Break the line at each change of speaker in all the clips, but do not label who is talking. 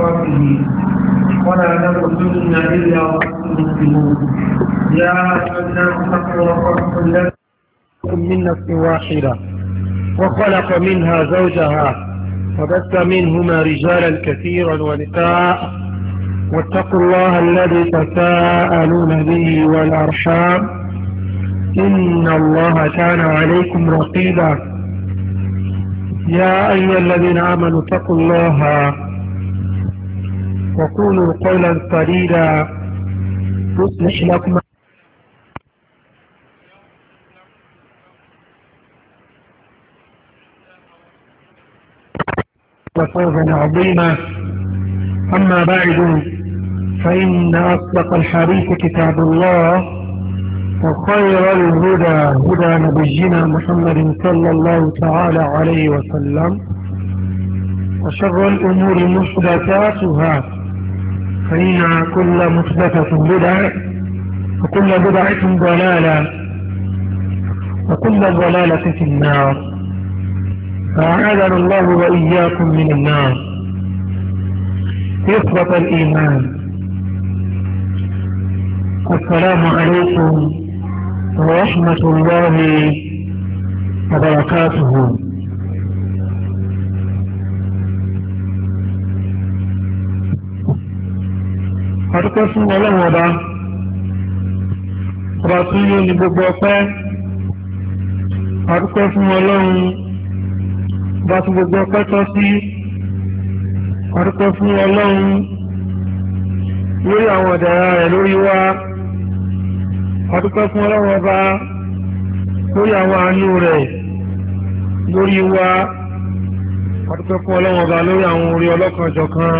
أشرفه ولا نموتن إلا وأنتم مسلمون يا أيها الناس اتقوا ربكم الذي من نفس واحدة وخلق منها زوجها وبث منهما رجالا كثيرا ونساء واتقوا الله الذي تساءلون به والأرحام إن الله كان عليكم رقيبا يا أيها الذين آمنوا اتقوا الله وقولوا قولا قليلا يصلح لكم فوزا عظيما أما بعد فإن أصدق الحديث كتاب الله وخير الهدى هدى نبينا محمد صلى الله تعالى عليه وسلم وشر الأمور محدثاتها فإن كل مثبتة بدعة وكل بدعة ضلالة وكل ضلالة في النار فأعاذنا الله وإياكم من النار إخوة الإيمان السلام
عليكم ورحمة الله وبركاته
adúpẹ́ fún ọlọ́run ọba ọba tó yé ní gbogbo ọpẹ́ adúpẹ́ fún ọlọ́run ọba tó gbogbo ọpẹ́ tọ́ sí adúpẹ́ fún ọlọ́run lórí àwọn ọ̀dàrà rẹ̀ lórí wa adúpẹ́ fún ọlọ́run ọba lórí àwọn àánú rẹ̀ lórí wa adúpẹ́ fún ọlọ́run ọba lórí àwọn orí ọlọ́kan-jọ̀kan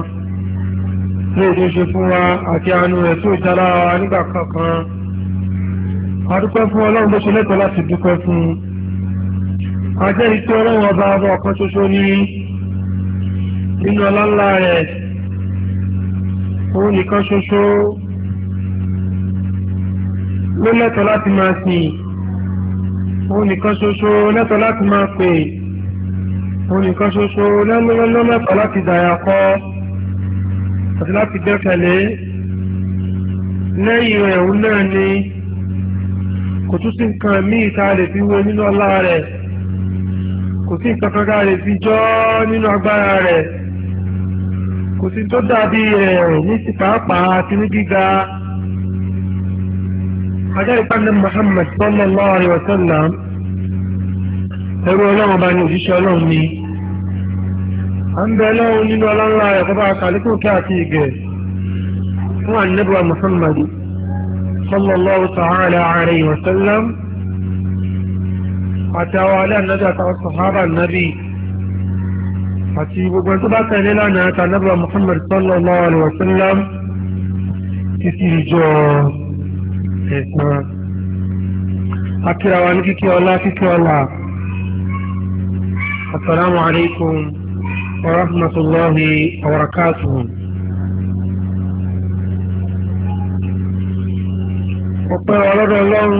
ní èdè ṣe fún wa àti àánú rẹ̀ tí ó jára wa nígbà kankan adúpẹ́ fún ọlọ́run ló ṣe lẹ́tọ̀ọ́ láti dúpẹ́ fún ajẹ́ ìtọ́ ọlọ́run ọba ọba ọ̀kan ṣoṣo ní nínú ọláńlá rẹ̀ òun nìkan ṣoṣo ló lẹ́tọ̀ọ́ láti máa sìn òun nìkan ṣoṣo lẹ́tọ̀ọ́ láti máa pè òun nìkan ṣoṣo lẹ́lọ́lọ́lọ́mẹ́fà láti dàyà kọ́ àti láti gbẹ́kẹ̀lé lẹ́yìn ẹ̀hún náà ni kò tún sí nǹkan míì tá a lè fi wo nínú ọlá rẹ̀ kò sí nǹkan kan tá a lè fi jọ́ nínú agbára rẹ̀ kò sí tó dàbí rẹ̀ ní ti pàápàá àti ní gíga ajá ìpàdé Muhammad sallallahu alaihi wasallam ẹrú ọlọ́run bá ní òṣìṣẹ́ ọlọ́run ni. a ń bẹ lọ́wọ́ nínú ọlọ́lá rẹ̀ kọ́ bá kàlékò kí àti ìgẹ̀ fún ànẹ́bùwà Muhammad sallallahu ta'ala alayhi wa sallam àti àwọn alẹ́ ànábì àtàwọn sàhábà ànábì àti gbogbo tó bá tẹ̀lé lánàá àti ànẹ́bùwà Muhammad sallallahu alayhi wa sallam títí ìjọ ẹ̀sán akíra wa ní kíkí ọlá kíkí ọlá assalamu alaikum ورحمة الله وبركاته ọpẹ́ ọlọ́dọ̀ Ọlọrun.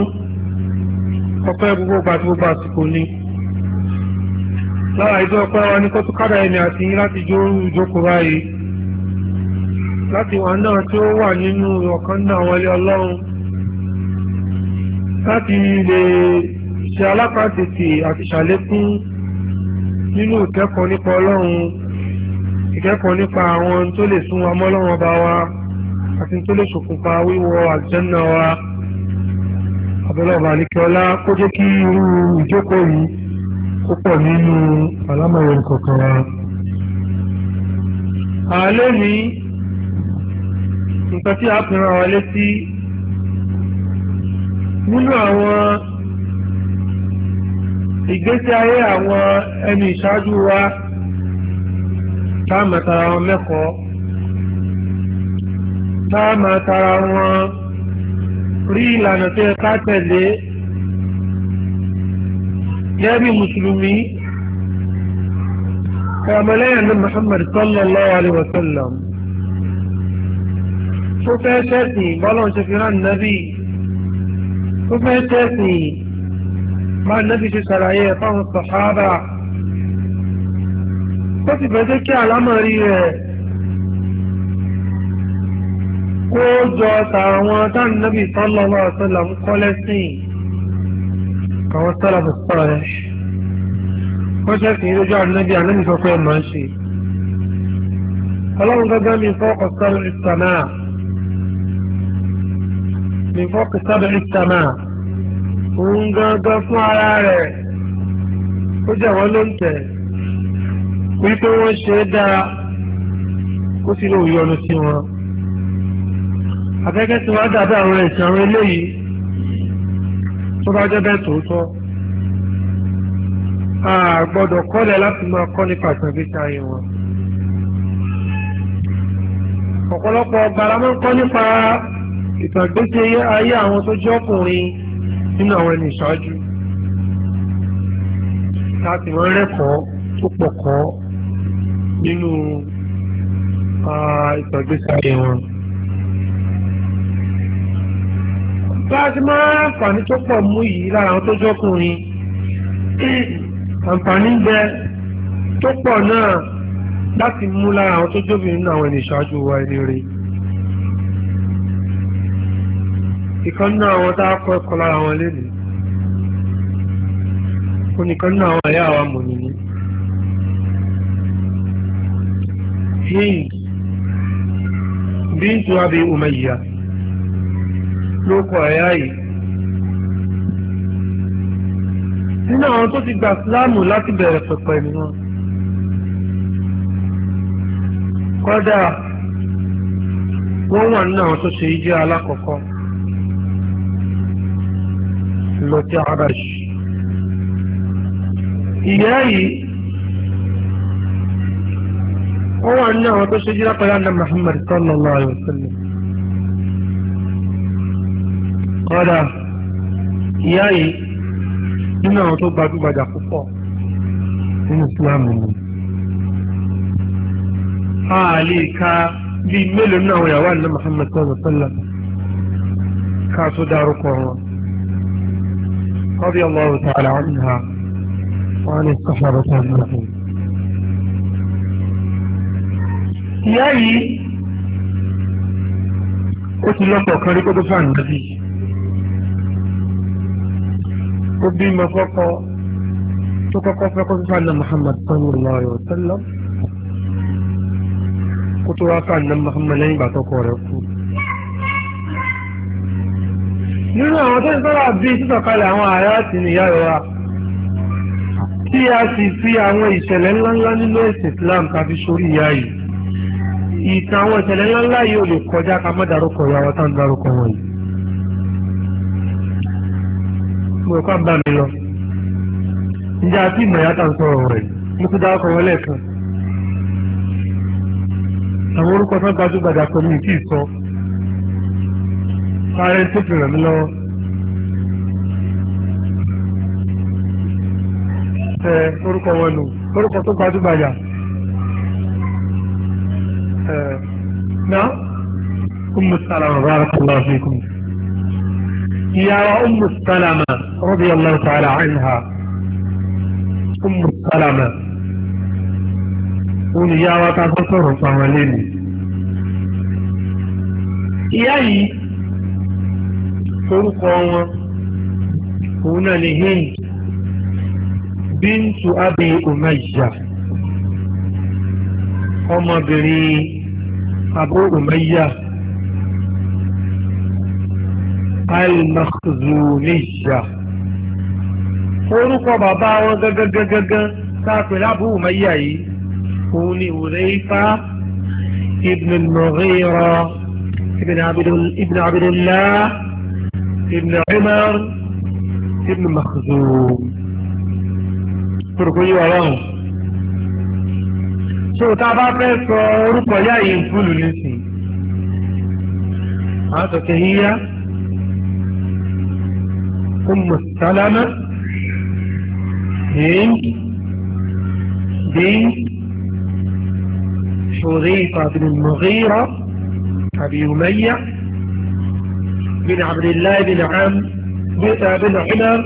ọpẹ́ gbogbo gbàtí àsìkò ni lára ìjọ ọpẹ́ wa ní kótó kádà ẹni àti yín láti jó orú ìjókòó báyìí láti wà náà tí ó wà nínú náà wọlé láti lè ṣe alápàdétì àti ṣàlékún nínú ìkẹ́kọ̀ọ́ nípa ọlọ́run ìkẹ́kọ̀ọ́ nípa àwọn tó lè sún wa mọ́lọ́run ọba wa àti tó lè ṣokùnfà wíwọ àjẹ́nà wa abẹ́lọ́ba àníkẹ́ọ́lá kó jẹ́ kí irú ìjókòó yìí kó pọ̀ nínú àlámọ̀rẹ́ kọ̀ọ̀kan wa. àlẹ́ mi nǹkan tí a fi ràn wá létí nínú àwọn ìgbésí ayé àwọn ẹni ìṣáájú wa táàmà tara wọn mẹ́kọ̀ọ́ táàmà tara wọn rí ìlànà tó yẹ ká tẹ̀lé gẹ́gẹ́ bí mùsùlùmí kàmàlẹ́yìn ní Muhammad sallallahu alayhi wa sallam tó fẹ́ tẹ̀sìn bọ́lọ̀ ṣe fi hàn nábì tó fẹ́ tẹ̀sìn. bá nẹ́bí ṣe ṣàlàyé ẹ̀ fáwọn sàhábà ó sì fẹ́ jẹ́ kí àlámọ̀rí rẹ̀ kó jọ tàwọn táwọn nẹ́bí sallallahu alaihi wasallam ń kọ́ lẹ́sìn àwọn sálàbù sọ̀rọ̀ rẹ̀ wọ́n ṣe kì í lójú ànábì ànábì sọ pé ẹ̀ máa ń ṣe ọlọ́run gángan mi fọ́ọ̀kọ̀ sábẹ̀ ìtàmà mi fọ́ọ̀kọ̀ sábẹ̀ ìtàmà. òun gangan fún ara rẹ̀ ó jẹ́ àwọn ló ń tẹ̀ wípé wọ́n ṣe é dára kó sì lóun yọnu sí wọn. afẹ́kẹ́ tí wọ́n dàbí àwọn ẹ̀sìn àwọn eléyìí tó bá jẹ́ bẹ́ẹ̀ tòótọ́ a gbọ́dọ̀ kọ́lẹ̀ láti máa kọ́ nípa ìtàgbésí ayé wọn. ọ̀pọ̀lọpọ̀ ọgbà máa ń kọ́ nípa ìtàgbésí ayé àwọn tó jẹ́ ọkùnrin
nínú àwọn ẹni ìṣáájú
láti wọ́n rẹ́kọ̀ọ́ tó pọ̀ kọ́ nínú ìtọ́gbésí ayé wọn. bá a ti máa àǹfààní tó pọ̀ mú yìí lára àwọn tó jọ́kùnrin àǹfààní ń bẹ tó pọ̀ náà láti mú lára àwọn tó jóbìnrin nínú àwọn ẹni ìṣáájú wa ẹni rèé. ìkan náà àwọn tá a kọ́ ẹ̀kọ́ lára wọn lẹ́nu ó nìkan náà àwọn ẹ̀yà àwa mọ̀ nìyí. hind bíntu abi umayya ló kọ ẹ̀yà yìí. nínú àwọn tó ti gba síláàmù láti bẹ̀rẹ̀ pẹ̀pẹ̀ nìyẹn. kódà wọ́n wà nínú àwọn tó ṣe ìjẹ́ alákọ̀ọ́kọ́. وتعرش إياي هو أنه تسجل قرآن محمد صلى الله عليه وسلم قال إياي إنا وطوبة بعد خفا إن إسلام من آليكا بملنا ويوان محمد صلى الله عليه وسلم كاسو دارو قرآن رضي الله تعالى عنها وعن الصحابة أجمعين ìyá yìí ó ti lọ́pọ̀ kan rí kótó fáànù nàbí ó bímọ kọ́kọ́ tó kọ́kọ́ fẹ́ kótó fáànù náà Muhammad sallallahu alaihi wa sallam kótó wá fáànù náà Muhammad lẹ́yìn ìgbà tọkọ rẹ̀ kú. nínú àwọn tó ń sọ́rọ̀ bí sísọ̀kalẹ̀ àwọn ààrẹ àti ìyá rẹ̀ tí a sì fi àwọn ìṣẹ̀lẹ̀ ńláńlá nínú ẹ̀sìn Islam tàbí sórí ìyá yìí ìtàn àwọn ìṣẹ̀lẹ̀ ńláńlá yìí ò lè kọjá ká má dárúkọ ìyá tá ń wọn yìí. mo mi lọ ǹjẹ́ ìyá tá ń sọ̀rọ̀ rẹ̀ mo ti wọn lẹ́ẹ̀kan sáré tètè rẹ̀ mí lọ́wọ́. ẹ orúkọ wọn nù orúkọ tó gbajúgbajà náà Ummu Salama barakallahu fikum ìyá Ummu Salama radiyallahu ta'ala anha Ummu Salama òun ìyá wa ta sọ́sọ̀rọ̀ pàwọn lẹ́nu. ìyá yìí فرقه هنا لهند بنت ابي اميه هما بري ابو اميه المخزونيه فرقه بابا وغغغغغ ساكن ابو اميه هوني وريفه ابن المغيره ابن عبد الله ابن عمر ابن
مخزوم
فرقوا يوالاو شو تابا فرقوا رقوا يا ينفلوا لسي هذا كهية أم السلامة دين دين شريفة بن المغيرة أبي أميه بن عبد الله بن عم بيتا بن عمر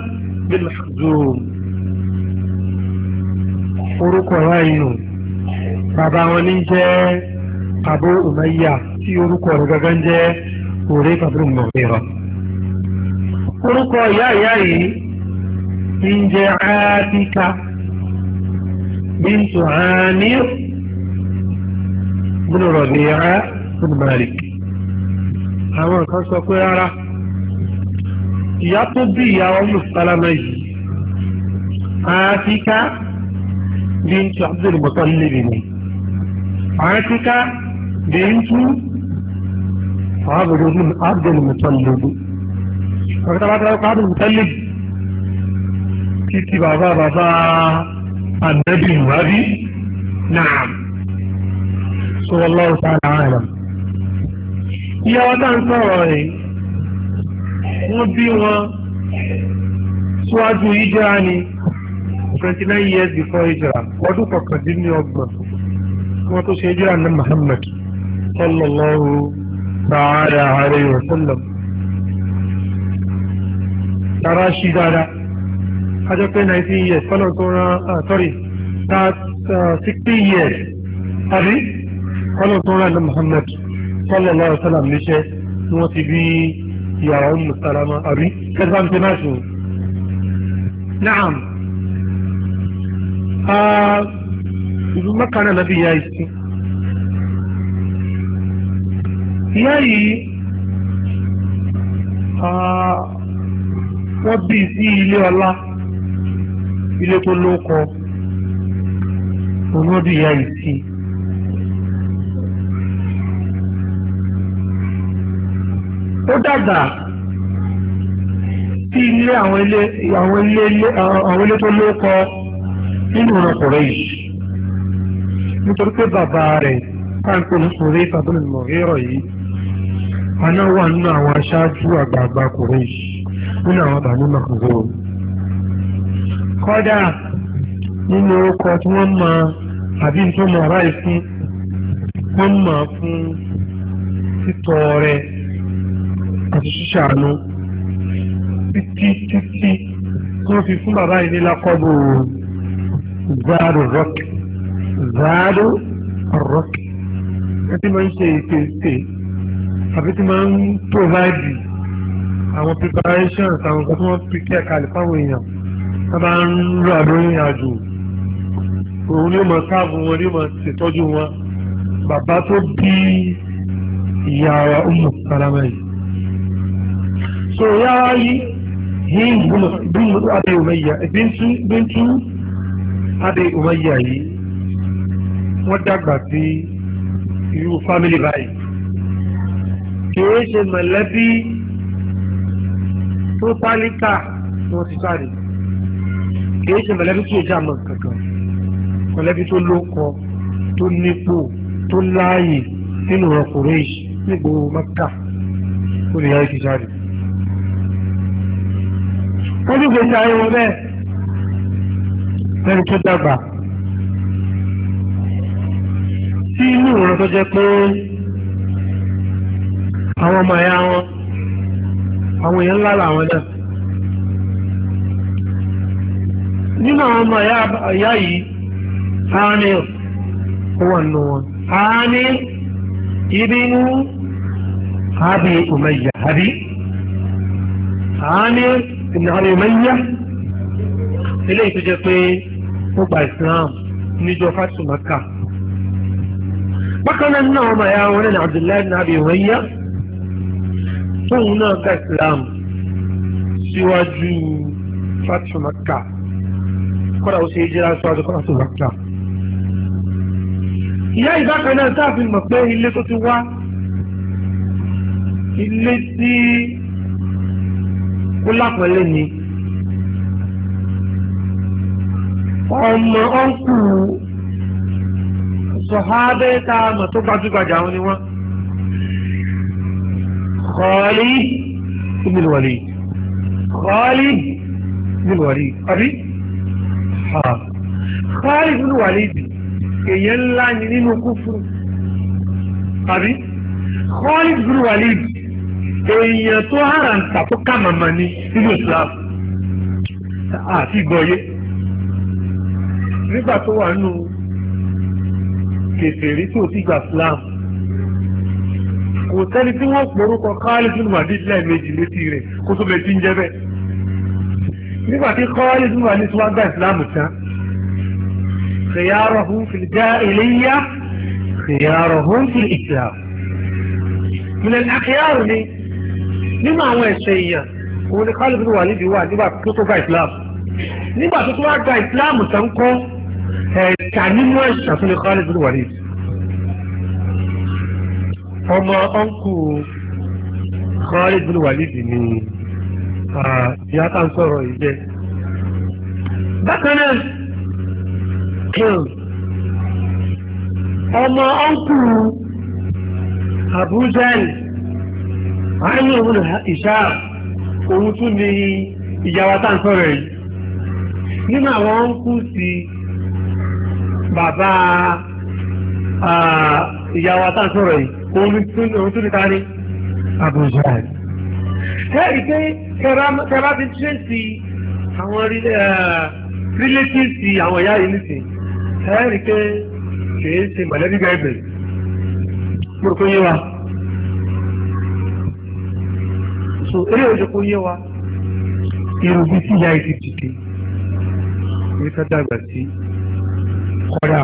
بن حزوم حروق وعينو بابا ونجة أبو أمية في حروق ورغنجة وريب أبو المغيرة حروق يا ياي إنجة عاتكة بنت عامر بن ربيعة بن مالك àwọn kan sọ pé rárá ìyá tó bí ìyàwó mùsùlùmá yìí àáfíká bíntú Abdul Mutallib ni àáfíká bíntú Abdul Mutallib ọ̀gátabátà Abdul Mutallib títí bàbá bàbá ànábì wábí náà sọ wọ́n lọ́wọ́ sáà náà ìyá wa tá ń sọ̀rọ̀ rẹ̀ wọ́n bí wọn síwájú ìjọra ni twenty nine years before ìjọra ọdún kọkàndínlọ́gbọ̀n wọ́n tó ṣe ìjọra ní Muhammad sallallahu ta'ala alayhi wa sallam tara ṣí dáadáa ajọ́ pé nineteen years kọ́nà tó rán ah, sorry ah, sixteen years àbí kọ́nà tó rán ní Muhammad sallallahu alaihi wasallam níṣẹ́ tí wọ́n ti bí ìyàwó Ummu Salama àbí kẹfà ń tẹ náà sùn. naam ah, ìlú Mẹ́kà náà nàbí ìyá yìí sí. ìyá yìí ah, wọ́n bí sí ilé ọlá ilé tó lóko òun ó di ìyá yìí sí ó dàgbà sí ilé àwọn ilé àwọn ilé àwọn ilé tó lóko nínú ọkùnrin yìí nítorí pé bàbá rẹ̀ táǹkó ní kùnrin ìfàbọ̀nì mọ̀rírọ̀ yìí aná wà nínú àwọn aṣáájú àgbààgbà kùnrin yìí nínú àwọn bàbá màkùnrin o kọ́dà nínú orúkọ tí wọ́n mọ àbí tó mọ̀ ráì fún wọ́n mọ̀ fún títọ́ rẹ̀ àti ṣíṣàánú títí títí tó fi fún bàbá yìí ní lákọ́bù zaadu rock zaadu rock ẹ ti máa ń ṣe ètò ìpè àbí ti máa ń provide àwọn preparations àwọn nǹkan tí wọ́n prepare kalẹ̀ fáwọn èèyàn tá bá ń rọ àdóyìn àjò òun ni ó máa káàbù wọn ni ó máa ṣètọ́jú wọn bàbá tó bí ìyá wa Umu Salama so ya yi yin gulus bin abi umayya bintu bintu abi umayya yìí wọ́n dàgbà sí irú family báyìí kìí ṣe mọ̀lẹ́bí tó tálíkà wọ́n ti sáré kìí ṣe mọ̀lẹ́bí tó jà mọ̀ kankan mọ̀lẹ́bí tó lóko tó nípò tó láàyè nínú ọkùnrin yìí nígbò mọ́kà ó lè yára ti sáré wọ́n ti gbèsè ayé wọn bẹ́ẹ̀ lẹ́nu tó dàgbà sí inú ìwòrán tó jẹ́ pé àwọn ọmọ ẹ̀yà wọn àwọn èèyàn ńlá làwọn náà nínú àwọn ọmọ ẹ̀yà yìí sáánì ó wà nù wọn sáánì ibinu abi umayya abi sáánì ìnà àwọn èèyàn máa ń yá eléyìí tó jẹ́ pé ó gba Islam níjọ Fatimaka bákan náà nínú àwọn ọmọ ẹ̀yà wọn ní Abdullahi ibn Abi Umayya tóun náà gba Islam síwájú Fatimaka kọ́dà ó ṣe é jẹ́ra síwájú Fatimaka ìyá ìbákan náà sáà fi mọ̀ pé ilé tó ti wá ilé tí ó lápẹ̀lẹ́ ni ọmọ ọ̀nkù sọ̀hábẹ́ tá a mọ̀ tó gbajúgbajà wọn ni wọ́n kọ́ọ̀lì ìbìlwọ̀lì kọ́ọ̀lì ìbìlwọ̀lì àbí kọ́ọ̀lì ìbìlwọ̀lì èèyàn ńlá ni nínú kúfù àbí kọ́ọ̀lì ìbìlwọ̀lì èèyàn tó hàrà ń tà tó kàmàmà ni nínú Islam àti gbọ́yé nígbà tó wà nù kèfèrí tó ti gbà Islam kò sẹ́ni tí wọ́n porúkọ káálí fún màdí lẹ́ẹ̀mejì létí rẹ̀ kó tó lè ti ń jẹ́ bẹ́ẹ̀ nígbà tí káálí fún màdí tó wá gba Islam tán khiyarahum fil jahiliyyah khiyarahum fil Islam min al-akhyar ni nínú àwọn ẹ̀ṣẹ̀ èèyàn òun ni Khalid bin Walid wà nígbà tó tó gba Islam nígbà tó tó wá gba Islam tán kọ́
ẹ̀ka nínú ẹ̀ṣẹ̀ tó ní Khalid bin Walid
ọmọ ọ̀nkù Khalid bin Walid ni ìyá tá ń sọ̀rọ̀ yìí jẹ́ bákan náà ọmọ ọ̀nkù Abu Jahl àánú òun ìṣá òun tún ni ìyàwó tá à ń sọ̀rọ̀ yìí nínú àwọn ń kú sí bàbá ìyàwó tá à ń sọ̀rọ̀ yìí òun tún ni ta ni àbùjá rẹ̀. kẹ́rì pé kẹ́rà ti ṣe sí àwọn rílétíìsì àwọn ìyá yìí nìsín kẹ́rì pé kìí ṣe mọ̀lẹ́bí gẹ́gẹ́ bẹ̀rẹ̀ mo rò pé yé wa. so eré òjò kò yé wa irúgbìn tí ìyá ìdí dìde ní ká dàgbà sí kọ́dà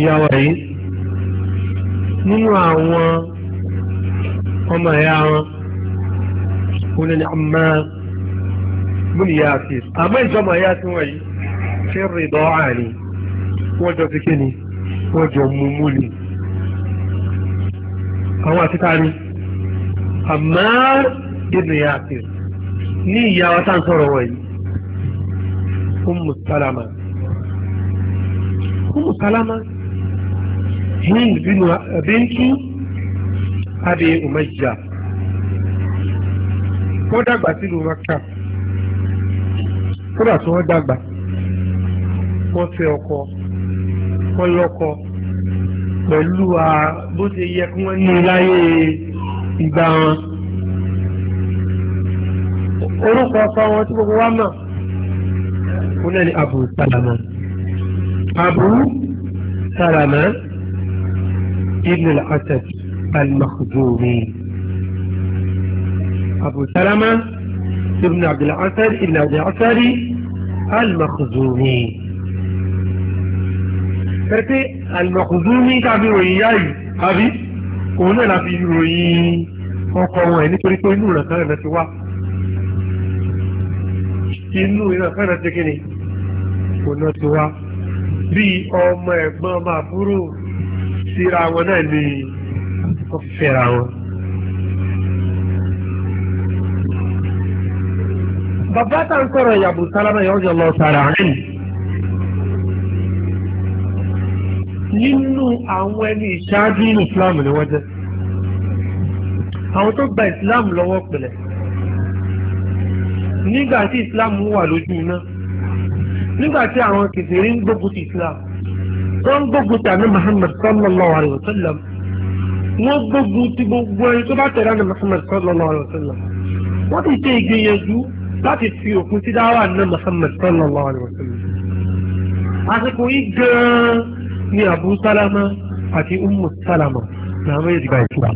ìyá wa yìí nínú àwọn ọmọ ẹ̀yà wọn ó ní àmà múni yá sí àmọ́ ìjọba ẹ̀yà tí yìí ṣe rí dọ́ọ̀à ni wọ́n jọ fi kí ni wọ́n jọ mú mú ni àwọn àti ká ni. Ammar ibn Yasir ní ìyá wa tá à ń sọ̀rọ̀ wọ̀nyí Ummu Salama Ummu Salama Hind eh, bintu Abi Umayya wọ́n dàgbà sílùú Maka kódà tí wọ́n dàgbà wọ́n fẹ́ ọkọ wọ́n lọ́kọ pẹ̀lú ah, bó ṣe yẹ kí wọ́n ní láyé ìgbà wọn. orúkọ ọkọ wọn tí gbogbo wa mọ̀ wọn náà ni abu salama abu salama ibn al-asad al-makhzumi abu salama ibn al asad ibn al asad al-makhzumi pẹ̀lú al-makhzumi tàbí ròyìn yáyì àbí òun náà láti ròyìn ọkọ wọn ẹ̀ nítorí pé inú ìrànkan rẹ̀ ti wá. àti inú iná fẹ́rẹ̀ ti kí ni ọ̀nà ti wá bí ọmọ ẹ̀gbọ́n ọmọ àbúrò síra wọn náà ni wọ́n fi fẹ́ra wọn. bàbá tá ń sọ̀rọ̀ ìyàbò sálámà yọ̀ ọ̀jọ̀ lọ sára rìn. nínú àwọn ẹni ìṣáájú nínú Islam ni wọ́n jẹ́ àwọn tó gba Islam lọ́wọ́ pẹ̀lẹ́ nígbà tí islam wà lójú iná nígbà tí àwọn kìfìrí ń gbógun ti islam wọ́n ń gbógun ti àná muhammad sallallahu alayhi wa sallam wọ́n gbógun ti gbogbo ẹni tó bá tẹ̀lé àná muhammad sallallahu alayhi wa sallam wọ́n ti ṣe ìgbìyànjú láti fi òkun sí dáwà àná muhammad sallallahu alayhi wa sallam àsìkò yìí gan-an ni abu salama àti umu salama làwọn méjì gba ìtura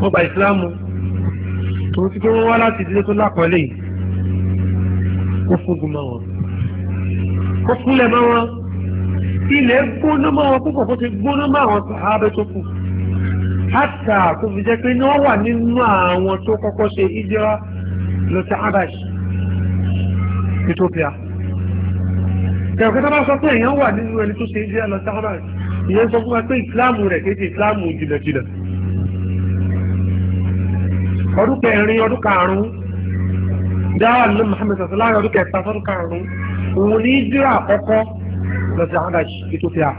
wọ́n gba ìsìlámù tó ti tó wá láti ilé tó lápọ̀lé kó fúngun mọ́ wọn kó fúnlẹ̀ mọ́ wọn ilẹ̀ gbóná mọ́ wọn púpọ̀ kó ti gbóná mọ́ àwọn sàábẹ́ tó kù hátà kó fi jẹ́ pé ní wọ́n wà nínú àwọn tó kọ́kọ́ ṣe ìjọra lọ sí abash Ethiopia kẹ̀kọ́ tó bá sọ pé èèyàn wà nínú ẹni tó ṣe ìjọra lọ sí abash ìyẹn sọ fún wa pé ìsìláàmù rẹ̀ kéde ìsìláàmù jìnnàjìnnà ọdún kẹrin ọdún karùn-ún dáhà ní Muhammad sọ̀tún láàrin ọdún kẹta sọ́dún karùn-ún òun ní ìdíra àkọ́kọ́ lọ́sẹ̀ hajj Ethiopia.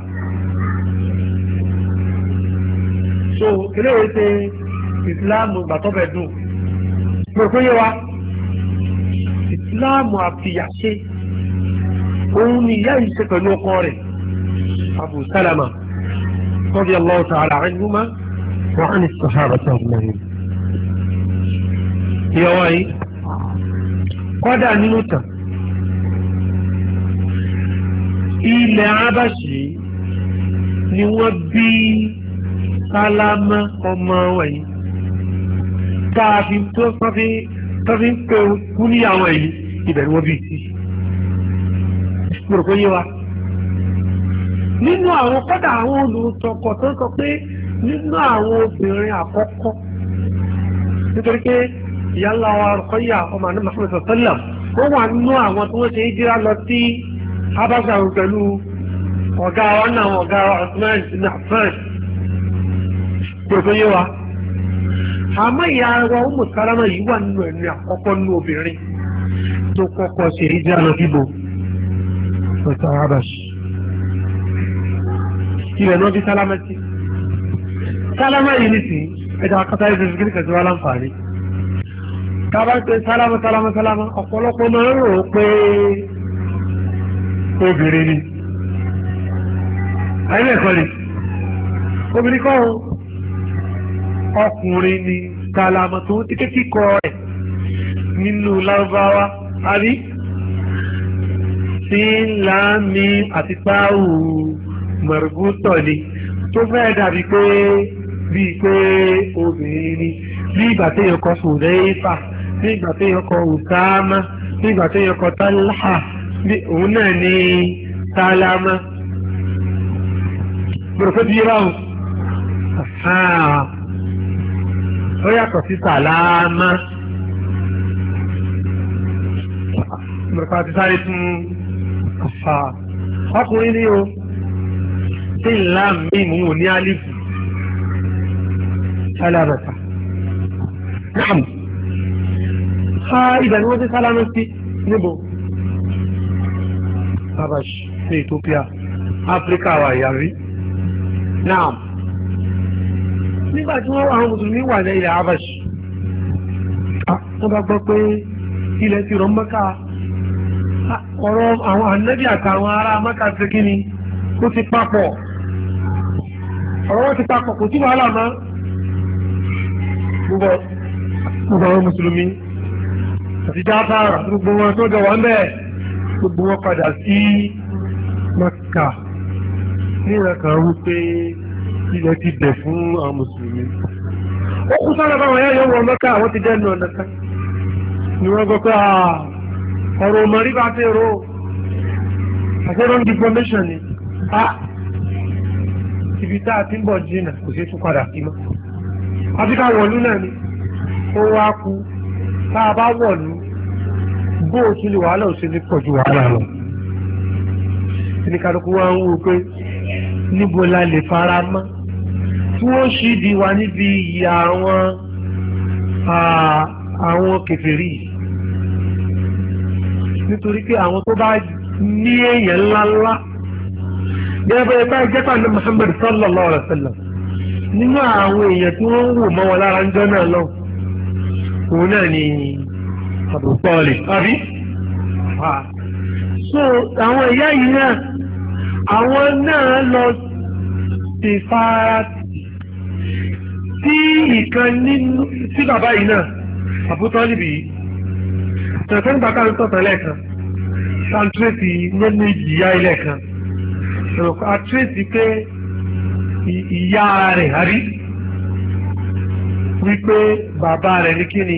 so eléyìí ṣe ìsìláàmù gbàtọ́fẹ̀ dùn mo fún yé wa ìsìláàmù àfìyàṣe òun ni ìyá yìí ṣe pẹ̀lú ọkọ rẹ̀ Abu Salama radiyallahu ta'ala anhuma wa 'ani as-sahaba ajma'in sí ọwọ́ yìí kọ́dà nínú tàn ilẹ̀ abáṣì ni wọ́n bí sálámà ọmọ wọn yìí tá a fi tó sọ́fí sọ́fí ń pè kú ní àwọn yìí ibẹ̀ ni wọ́n bí sí mo rò pé yé wa nínú àwọn kọ́dà àwọn olùsọ̀kọ̀ tó sọ pé nínú àwọn obìnrin àkọ́kọ́ nítorí pé ìyá ńlá wa Ruqayya ọmọ àná Muhammad sallam wọ́n wà nínú àwọn tí wọ́n ṣe hijira lọ sí abájáwò pẹ̀lú ọ̀gá wa náà ọ̀gá wa Usman ibn Affan gbogbo yé wa àmọ́ ìyá wa Ummu Salama yìí wà nínú ẹ̀mí àkọ́kọ́ nínú obìnrin tó kọ́kọ́ ṣe hijira lọ síbò ọ̀sán abashi ilẹ̀ náà bí sálámẹ́tì sálámẹ́ yìí nìsín ẹ̀dá akátá ìdíjú kìnnìkan tí wọ́n láǹfààní tábà pé Salama Salama, sálámà ọ̀pọ̀lọpọ̀ máa ń rò ó pé obìnrin ni ayé ẹ̀kọ́ ni obìnrin kọ́ ọkùnrin ni sálámà tó ń tẹ́tẹ́ kíkọ rẹ̀ nínú lárúbáwá àbí tí ń la mi àti páàwù mọ̀rùgútọ̀ ni tó fẹ́ dàbí pé bíi pé obìnrin ni bí ìgbà téèyàn kọ sùn lẹ́yìn fà. ní ìgbà tó yẹ kọ Usama ní ìgbà tó yẹ kọ Talha bí òun náà ní Salama gbọdọ̀ fẹ́ bí yẹra o ó yàtọ̀ sí Salama gbọdọ̀ fẹ́ àti sáré fún ọkùnrin ní o tí ńlá mi mú ò ní alifu sálábàtà. Naam. ha ìdá ni wọ́n ti sálámà sí níbo Habash ní Ethiopia Áfíríkà wà yàrí náà nígbà tí wọ́n àwọn mùsùlùmí wà ní ilẹ̀ Habash wọ́n bá gbọ́ pé ilẹ̀ ti rọ̀ mọ́ká ah, ọ̀rọ̀ àwọn ànábì àtàwọn ará mọ́ká ti kí ni ó ti papọ̀ ọ̀rọ̀ wọn ti papọ̀ kò sí wàhálà mọ́ gbogbo àwọn mùsùlùmí ìjábá gbogbo wọn tó jọ wọn bẹ́ẹ̀ gbogbo wọn padà sí mọ́kà nígbà kan wípé ilẹ̀ ti bẹ̀ fún àwọn mùsùlùmí ó kú sára báwọn ẹ̀yà yóò wọ mọ́kà àwọn ti dẹ́nu ọ̀nà kan ni wọ́n gbọ́ pé ọ̀rọ̀ ọmọ rí bá fẹ́ ro àti wrong information ni ibi tá a ti ń bọ̀ jìnnà kò ṣeé tún padà sí mọ́
àbíká wọ̀lú náà ni
ó wá kú tá a bá wọ̀ ní bó o ti lè wàhálà ò ṣe ní pọ̀jù wàhálà lọ. oníkàlùkù wa ń wò pé níbo la lè fara mọ́ tí wọ́n ṣì di wa níbi ìyá àwọn àwọn kèfèrí nítorí pé àwọn tó bá ní èèyàn ńláńlá gẹ́gẹ́ bá ẹgbẹ́ pàdé Muhammad sallallahu alaihi wa sallam nínú àwọn èèyàn tí wọ́n ń wò mọ́ wọn lára ń jọ náà lọ́wọ́ òun náà ni àbùpọ̀lì àbí. so àwọn ìyá yìí náà àwọn náà lọ sí fara tí ìkan nínú sí bàbá yìí náà àbútọ́lì bìí tẹ̀sán bàbá ń tọ̀tàn lẹ́ẹ̀kan tàǹtírèsì nínú ìyá ilẹ̀ kan àtírèsì pé ìyá rẹ̀ àrí wípé bàbá rẹ̀ ní kí ni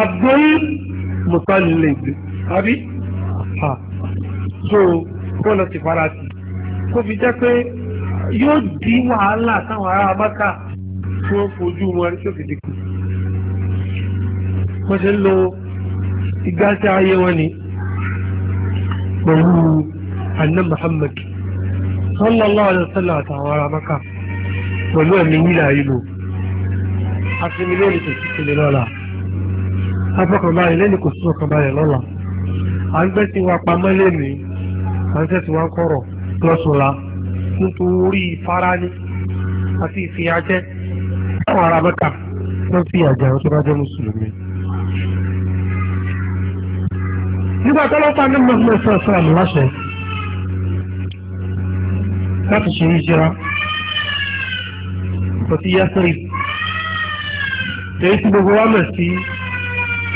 Abdul Muttalib àbí so bọ́ọ̀lù ti fara sí kó fi jẹ́ pé yóò di wàhálà táwọn ará Mákà tí wọ́n fojú wọn rí sókèdè kù wọ́n ṣe ń lo ìgbésí ayé wọn ni pẹ̀lú anna Muhammad sallallahu alaihi wa sallam àtàwọn ará Mákà pẹ̀lú ẹ̀mí yìí láàyè lò àfihàn lónìí kò sí ìpele lọ́la afọkànbalẹ̀ lẹ́nu kò sí ọkànbalẹ̀ lọ́la à ń gbé tiwa pamọ́ lẹ́nu à ń tẹ̀sí wa ń kọ̀rọ̀ lọ́sọ̀la nítorí ìfarani àti ìfìyàjẹ́ àwọn ará mẹ́ka wọ́n fi àjà àwọn tó bá jẹ́ mùsùlùmí. nígbà tó lọ́pàá ní mọ́tò sọ̀rọ̀ àmì láṣẹ láti ṣe ìjìra kò sí èyí tí gbogbo wa mọ̀ sí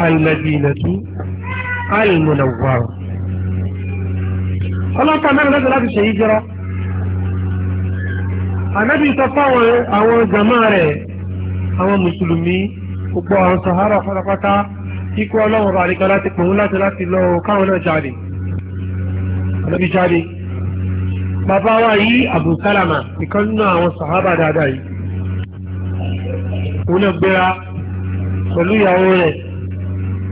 al-Madinatu al-Munawwara ọlọ́pàá mẹ́rin lọ́sẹ̀ láti ṣe ìjọra ànábì sọ fáwọn àwọn jàmá rẹ̀ àwọn mùsùlùmí gbogbo àwọn sahara pátápátá kíkó ọlọ́run bá àríkà láti pòun láti láti lọ káwọn náà jáde ànábì jáde bàbá wa yìí Abu ìkan nínú àwọn sahaba dáadáa yìí òun náà gbéra pẹ̀lú ìyàwó rẹ̀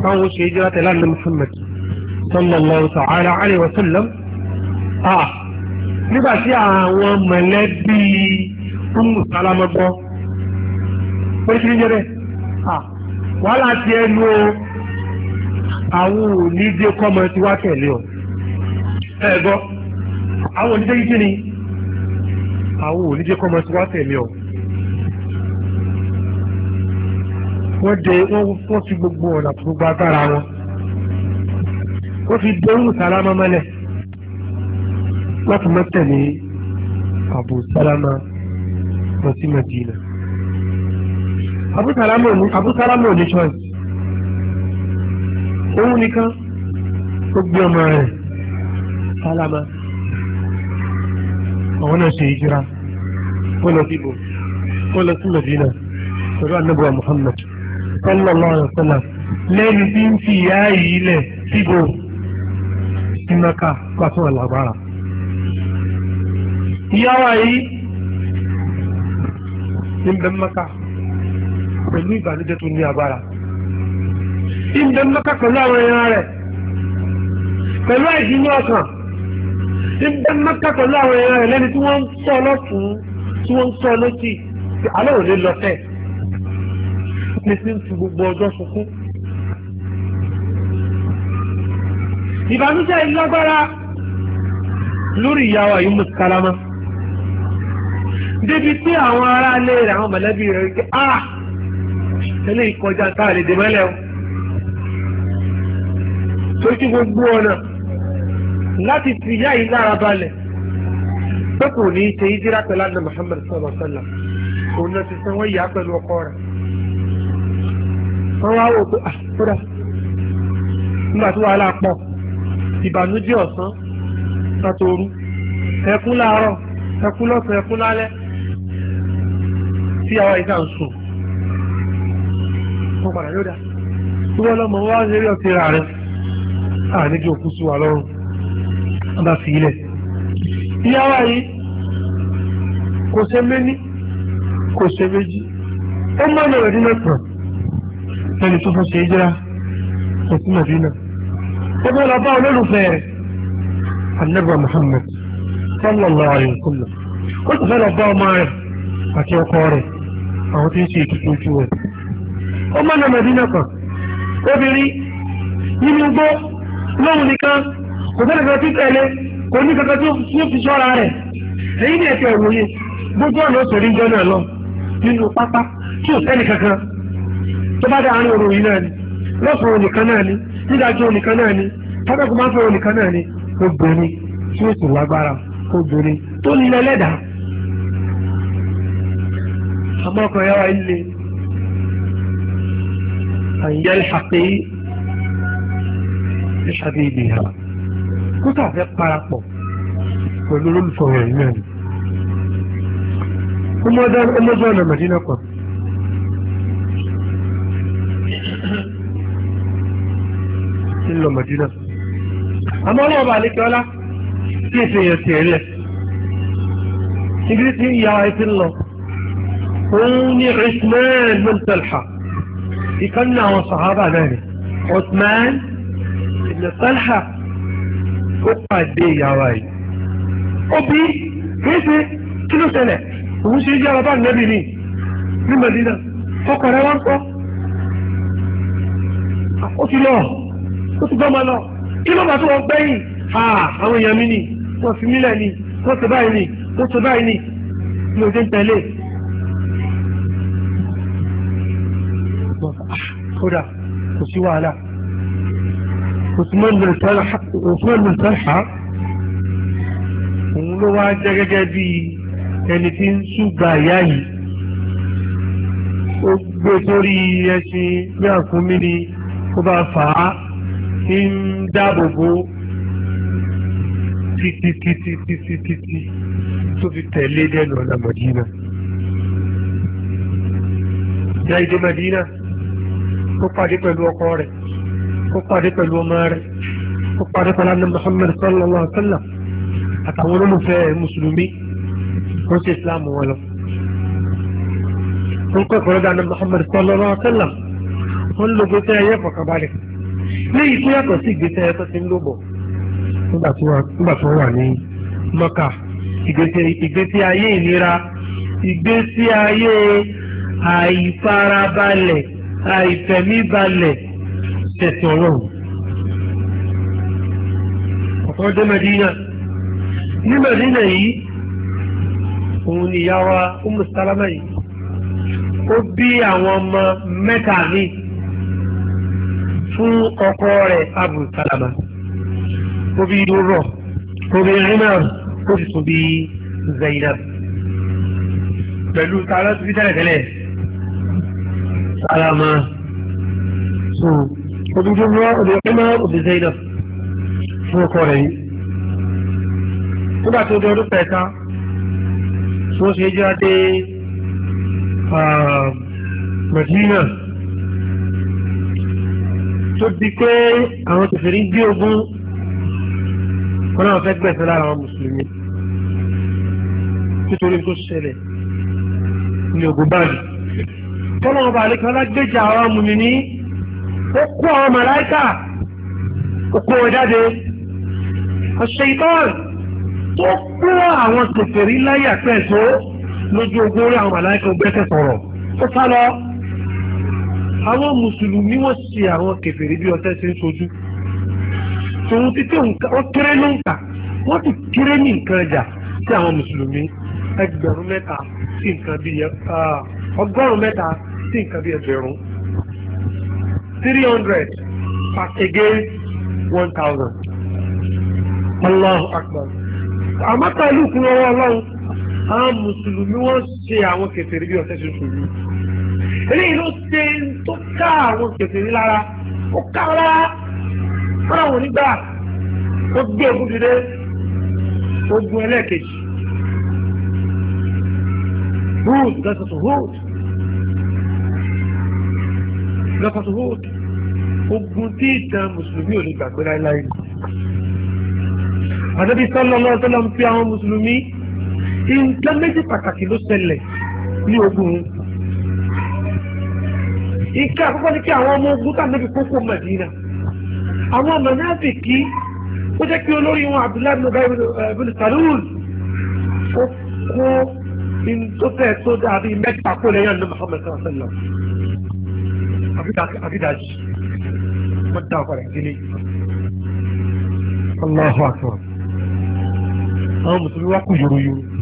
báwọn ṣe jẹ́ látẹ̀lá ní Muhammad sallallahu ta'ala alayhi wa sallam ah nígbà tí àwọn mọ̀lẹ́bí Ummu Salama gbọ́ pé kí ní jẹ́ bẹ́ẹ̀ ah wàhálà ti ẹnu o àwọn onídé kọ́mọ tí wá tẹ̀lé o ẹ gbọ́ àwọn onídé yìí kí ni àwọn onídé kọ́mọ tí wá tẹ̀lé o. wọ́n dé wọ́n fi gbogbo ọ̀nà gbogbo agbára wọn wọ́n fi dẹ́rù sálámà mọ́lẹ̀ láti má tẹ̀lé àbò sálámà lọ sí Madina àbò sálámà ò ní choice òun nìkan ó gbé ọmọ rẹ̀ sálámà àwọn náà ṣe ìjìra wọ́n lọ síbò wọ́n lọ sí Madina pẹ̀lú anábọ̀ Muhammad sallallahu alaihi wasallam lẹ́ni tí ń fi ìyá yìí lẹ̀ síbò sí mẹ́ka pàṣẹ ọ̀làgbára. ìyá wa yìí ní bẹ́ẹ̀ mẹ́ka pẹ̀lú ìbànújẹ́ tó ní agbára. ìbẹ́ mẹ́ka pẹ̀lú àwọn ẹran rẹ̀ pẹ̀lú àìsí ní ọkàn. ìbẹ́ mẹ́ka pẹ̀lú àwọn ẹran rẹ̀ lẹ́ni tí wọ́n ń sọ lọ́sùn tí wọ́n ń sọ lọ́sì alẹ́ òde lọ́fẹ̀ẹ́ ṣe ti ń fi gbogbo ọjọ́ sunkún. ìbànújẹ́ ìlágbára lórí ìyàwó yìí mùsùlùmá débi tí àwọn ará ilé rẹ̀ àwọn mọ̀lẹ́bí rẹ̀ rí a tẹ́lẹ̀ ìkọjá tá a lè dè mọ́lẹ̀ o tójú gbogbo ọ̀nà láti fi ìyá yìí lára balẹ̀ pé kò ní í ṣe ìdíra pẹ̀lú àná Muhammad sallallahu alaihi wasallam òun náà sanwó ìyá pẹ̀lú ọkọ rẹ̀. wọ́n wá wò pé ah, nígbà tí wàhálà pọ̀ ọ̀sán látòru ẹkún láàárọ̀ ẹkún lọ́sàn ẹkún lálẹ́ tí àwa ìdá ń sùn wọ́n padà yóò dá tí wọ́n rà òkú lọ́rùn bá fi ìyáwá yìí kò ṣe méní kò ṣe méjì ó fẹ́ni tó fún ṣe é jẹ́ra kò sí Màdínà ó fẹ́ lọ bá olólùfẹ́ rẹ̀ anábà Muhammad sallallahu alayhi wa sallam ó sì fẹ́ lọ bá ọmọ rẹ̀ àti ọkọ rẹ̀ àwọn tí ń ṣe ètùtù ojú rẹ̀ ó má nà Màdínà kan obìnrin nínú gbó lóhun nìkan kò fẹ́ lọ́kàn tí tẹ̀lé kò ní kankan tí ó fi ṣọ́ra rẹ̀ èyí ni ẹ̀kẹ́ òwòye gbogbo ọ̀nà òṣèré ń jẹ́ náà lọ nínú pápá tí ò sẹ́ni kankan tó bá dá àárín òru yìí náà ni lọ́sàn-án onìkan náà ni dídájọ́ onìkan náà ni tábẹ́kù máa ń fẹ́ onìkan náà ni obìnrin tí ó sì lágbára obìnrin tó nílẹ̀ lẹ́dàá àmọ́kàn yára ilé àyẹ́ ìṣàpé ìṣàdé ibi ìhà kó tàfẹ́ parapọ̀ pẹ̀lú olólùfọ̀ rẹ̀ náà ni ọmọdé ọ̀nà mẹ́dínà kan lọ Mọ̀dínà àmọ́ ọlọ́run bá lékè ọlá tí èsì èèyàn tiẹ̀ lẹ̀ níbi tí ń ya ẹtí ń lọ òun ní Usman bin Talha ìkan ní àwọn sàhábà náà ni Usman bin Talha ó pàdé ìyàwó yìí ó bí kìí ṣe kí ló ṣẹlẹ̀ òun ṣe yára bá nẹ́bì ni ní Mọ̀dínà ọkọ̀ rẹ̀ wá ń kọ́ ó ti lọ́ọ̀ ó ti gbọ́mọ lọ kí ló bá tó wọn gbẹ́yìn àwọn èèyàn mi ni wọ́n fi mílẹ̀ ni wọ́n ti báyìí ni wọ́n ti báyìí ni mi ò dé ń tẹ̀lé. kódà kò sí wàhálà Usman bin Talha òun ló wá jẹ́ gẹ́gẹ́ bí ẹni tí ń ṣùgbà ìyá yìí ó gbé sórí ẹṣin bí àkúnmí ni ó bá fà á. tí ń dáàbò bò títítítítítítí tó fi tẹ̀lé dẹ́nu ọ̀nà Madina. ìyá ìdè Madina ó pàdé pẹ̀lú ọkọ rẹ̀ ó pàdé pẹ̀lú ọmọ rẹ̀ ó pàdé pẹ̀lú anna Muhammad sallallahu alaihi wa sallam àtàwọn olólùfẹ́ mùsùlùmí ó ṣe Islam wọn lọ. ó ń kọ́ ìkọ́lọ́dà anna Muhammad sallallahu alaihi wa sallam ó ń lo gbèsè ẹyẹ fọkànbalẹ̀. léyìí tó yàtọ̀ sí ìgbésẹ̀ ẹ̀tọ́ ti ń lò nígbà tí wọ́n wà ní mọ́kà ìgbésí ayé ìnira ìgbésí ayé àìfarabalẹ̀ àìfẹ̀míbalẹ̀ tẹ̀sán ọlọ́run. ọ̀pọ̀ ọjọ́ mẹ́dínà ní mẹ́dínà yìí òun ni ìyá wa Umu Salama yìí ọmọ mẹ́ta fún ọkọ rẹ̀ abu salama obi rọ obi rimar obi obi zainab pẹ̀lú tààrà tó fi tẹ́lẹ̀ salama
so obi rọ obi rimar
obi zainab fún ọkọ rẹ̀ yìí nígbà tó di ọdún pẹ̀ta tó ṣe jáde ah, Madina tó di pé àwọn kèfèrí dí ogún wọn náà fẹ́ gbẹ̀sẹ̀ lára àwọn mùsùlùmí nítorí tó ṣẹlẹ̀ ní ogun báyìí. tọ́lá ọba àlekọ́ lágbèjà àwọn mùmíní ó kó àwọn màláìkà ó kó wọn jáde ọ̀ṣẹ́ ìtọ́n tó kó àwọn kèfèrí láyà pẹ̀ tó lójú ogun orí àwọn màláìkà ó gbẹ́sẹ̀ sọ̀rọ̀ ó sá lọ àwọn mùsùlùmí wọ́n ṣe àwọn kèfèrí bí ọtẹ́ ṣe ń sojú tòun ti tó nǹkan wọ́n kéré ló ń kà wọ́n ti kéré ní nǹkan ẹ̀jà sí àwọn mùsùlùmí ẹgbẹ̀rún mẹ́ta sí nǹkan bíi ọgọ́rùn-ún mẹ́ta sí nǹkan bíi ẹgbẹ̀rún three hundred against one thousand Allahu Akbar àmọ́ pẹ̀lú ìkúnlọ́wọ́ ọlọ́run àwọn mùsùlùmí wọ́n ṣe àwọn kèfèrí bí ọtẹ́ ṣe ń sojú eléyìí ló ṣe tó ká àwọn kèfèrí lára ó ká wọn lára wọn àwọn onígbà ó gbé ogun dìde ogun ẹlẹ́ẹ̀kejì Hud gẹ́sọ̀tò Hud gẹ́sọ̀tò Hud ogun tí ìtàn mùsùlùmí ò lè gbàgbé láéláé àdébí sallallahu alaihi wasallam ń fi àwọn mùsùlùmí nǹkan méjì pàtàkì ló ṣẹlẹ̀ ní ogun ìka àkọ́kọ́ ni kí àwọn ọmọ ogun tàbí kókó Mẹdínà àwọn mọ̀nàbì kí ó jẹ́ kí olórí wọn Abdullahi bin eh, Salul ó kó tó fẹ́ tó dàbí mẹ́ta kó lẹ́yìn ọ̀nà Muhammad sallallahu alaihi àbídájì wọ́n dá ọkọ̀ rẹ̀ délé. Allahu akbar àwọn mùsùlùmí wá kú yòròyòrò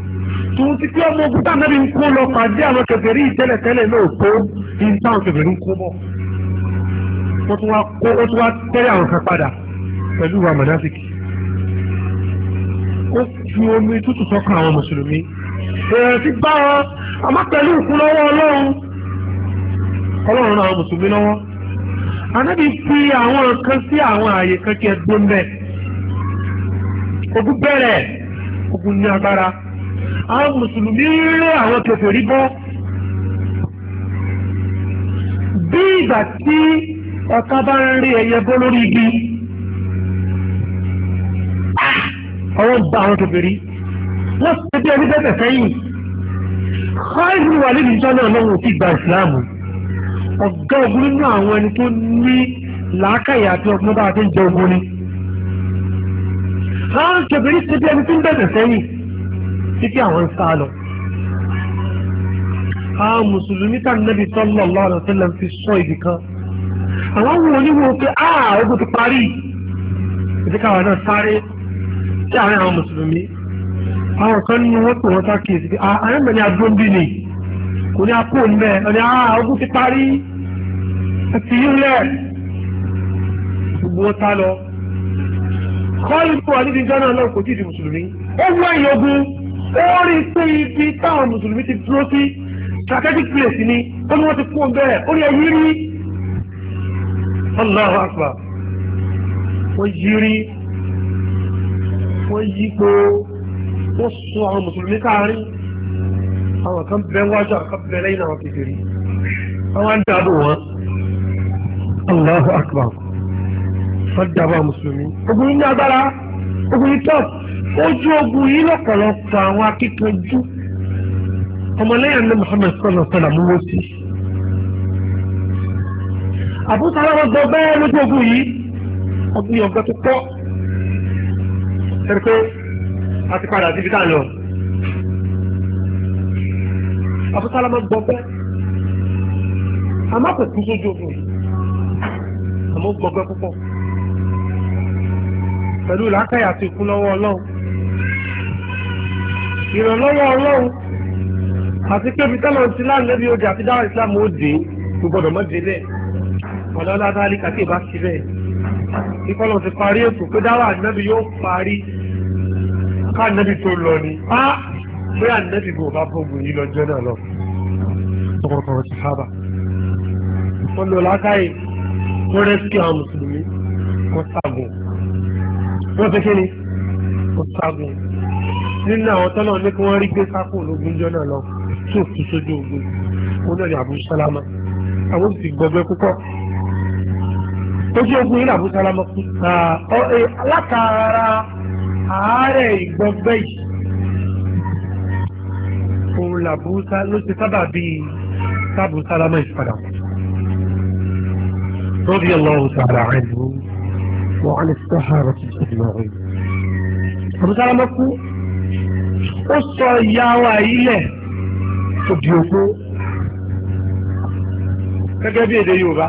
tòun ti kí ọmọ ogun tá mẹ́rin ń kó lọ pàdé àwọn kẹfẹ́rí tẹ́lẹ̀tẹ́lẹ̀ náà tó ní táwọn kẹfẹ́rí ń kó bọ̀ wọ́n tún wá kó wọ́n tún wá tẹ́lẹ̀ àwọn kan padà pẹ̀lú wa mọ̀nàfíkì ó ju omi tútù sọ́kàn àwọn mùsùlùmí èèyàn ti bá wọn àmọ́ pẹ̀lú ìkúnlọ́wọ́ ọlọ́run ọlọ́run náà àwọn mùsùlùmí lọ́wọ́ anábì fi àwọn kan sí àwọn ààyè kan kí ẹ gbóńbẹ́ ogun bẹ̀rẹ̀ ogun ní agbára àwọn mùsùlùmí rẹ̀ àwọn kèfèrí bọ́ bí ìgbà tí ọ̀ká bá ń rí ẹyẹ bọ́ lórí igi ah! ọwọ́ gba àwọn kèfèrí wọ́n ti bí ẹni bẹ́ẹ̀ sẹ́yìn káìsì wà níbi ìjọ náà lọ́wọ́ ti gba ìsìláàmù ọ̀gá ogun nínú àwọn ẹni tó ní làákàyè àti ọgbọ́n bá a ti ń jẹ ogun ni. àwọn kèfèrí ti bí ẹni tó ń bẹ̀ẹ̀ sẹ́yìn títí àwọn ń sá lọ. àwọn mùsùlùmí tá nàbì sallallahu alaihi wasallam fi sọ ibì kan àwọn wo ni wo pé a ogun ti parí ìdí káwọn náà sáré sí àárín àwọn mùsùlùmí àwọn kan nínú wọn pè wọn sá kíyèsí pé ah, àárín mẹ́ni agbóńbí ni kò ní akó ń bẹ ọ ní a ah, ogun ti parí àti yílẹ̀ gbogbo ta lọ kọ́ ìlú wa níbi gánà náà kò tí ì di mùsùlùmí ó wú ẹ̀yìn ogun ó rí pé ibi táwọn mùsùlùmí ti dúró sí strategic place ni ó ní wọ́n ti kún bẹ́ẹ̀ ó rí ẹyí rí Allahu Akbar wọ́n yí rí wọ́n yí po wọ́n sọ àwọn mùsùlùmí káàárín àwọn kan bẹ wájú àwọn kan bẹ lẹ́yìn àwọn kékeré àwọn ń dàbò wọn Allah Akbar wọ́n dàbò àwọn mùsùlùmí ogun ní agbára ogun ní tọ́pù ojú ogun yìí lọ́pọ̀lọpọ̀ àwọn akíkanjú ọmọlẹ́yìn ní Muhammad sọ̀rọ̀ sọ̀rọ̀ mú wọ́n sí. àbúrò aláwọ̀ gbọ́ bẹ́ẹ̀ lójú ogun yìí ọdún yọ̀gbọ́ tó pọ̀ ẹ̀rọ a ti padà síbi táà lọ. àbúrò aláwọ̀ gbọ́ bẹ́ẹ̀ àmọ́ kò kú sójú ogun yìí àmọ́ gbọ́ bẹ́ẹ̀ púpọ̀ pẹ̀lú làákàyà ti kú Ọlọ́run ìrànlọ́wọ́ ọlọ́run àti pé ibi tẹ́lọ̀ ti láńlẹ́bí ojà àti dáhùn ìsìlámù ó dé gbọ́dọ̀ mọ́ dé bẹ́ẹ̀ ọ̀lọ́lá dáálí kàtí ìbá sí bẹ́ẹ̀ ìkọlọ̀ ti parí ètò pé dáwà ànábì yóò parí ká ànábì tó lọ ni á pé ànábì kò bá bọ́ọ̀gù yìí lọ́jọ́ náà lọ tọkọtọkọ ti sábà wọ́n lọ lákàyè wọ́n rẹ́síkì àwọn mùsùlùmí wọ́n ságun wọ́n fi kí ni wọ́n ságun nínú àwọn tọ́lọ̀ ní kí wọ́n rí gbé sápò lógun jọ náà lọ tí ò kú sójú ogun òun náà ní Abu Salama àwọn sì gbọgbẹ púpọ̀ ojú ogun yìí Abu Salama kú látara àárẹ̀ ìgbọgbẹ́ yìí òun làbúsá ló ti sábà bíi sábù ìpadà rọ́bì ọlọ́run tààrà ẹ̀ wọ́n á lè sọ́hárà tuntun náà rí kú ó sọ ìyá wa ilẹ̀ tó di òkú gẹ́gẹ́ bí èdè yorùbá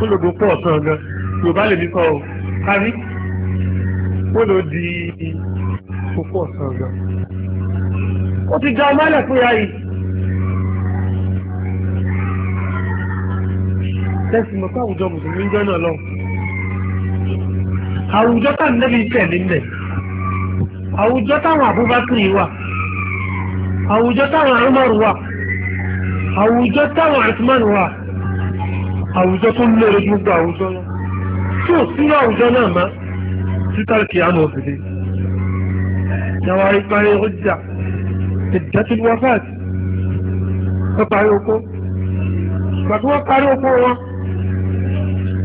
ó lòdò pọ̀ ọ̀sán ọ̀gán yorùbá lè ní kọ́ ọ kárí ó lò di òkú ọ̀sán ọ̀gán ó ti da ọmọ ẹlẹ̀ fúnra yìí. tẹ́sí mọ̀ pé àwùjọ mùsùlùmí ń jẹ́ náà lọ àwùjọ tá à ń nẹ́bi tẹ̀lé ń bẹ̀ àwùjọ táwọn Abubakar wà àwùjọ táwọn Umar wà àwùjọ táwọn Usman wà àwùjọ tó lóore gbogbo àwùjọ lọ tí ò sí àwùjọ náà má títàrí kìí àmọ́ òfìdí ìyàwó àríparí ọjà ìdẹ́tìlú wákàtí wọ́n parí oko pàtó wọ́n parí oko wọn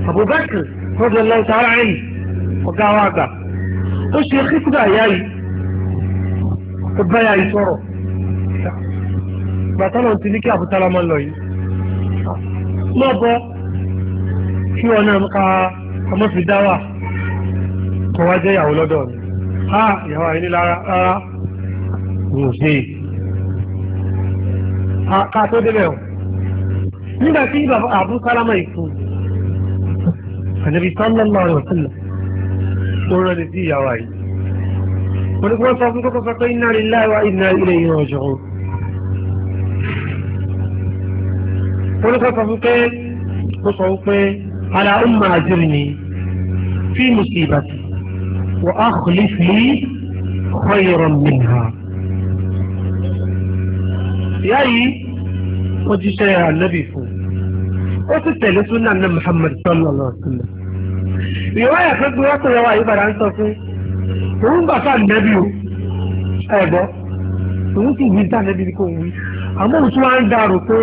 Abubakar rọ́dọ̀ lọ́wọ́ sára ẹ̀yìn ọ̀gá wa àgbà ó ṣe kíkúdà ìyá yìí ó báyà yìí sọ̀rọ̀ gbàtọ́nà ti ní kí àbútálá máa lọ yìí máa bọ́ kí wọn náà ká ọmọ́fìdá wà kọ́ wá jẹ́ ìyàwó lọ́dọ̀ mi ha ìyàwó àìní rárá mi ò ṣe ká tó débẹ̀ o nígbà tí bàbá àbúkálá máa ìkú ànábi sallallahu alaihi wasallam ó rẹ́ni sí ìyàwó àìní. ونقول صلى الله إنا لله وإنا إليه راجعون ونقول صلى الله عليه
على أمة أجرني
في مصيبتي وأخلف لي خيرا منها يعني وجي شيء النبي فوق وستلسلنا أن محمد صلى الله عليه وسلم رواية خلق رواية برعان صلى الله عليه وسلم òun gbà ká nẹ́bí o ẹ̀gbọ́ òun sì wí dá nẹ́bí ni kò wí àmọ́ òun tún wá ń dàrò pé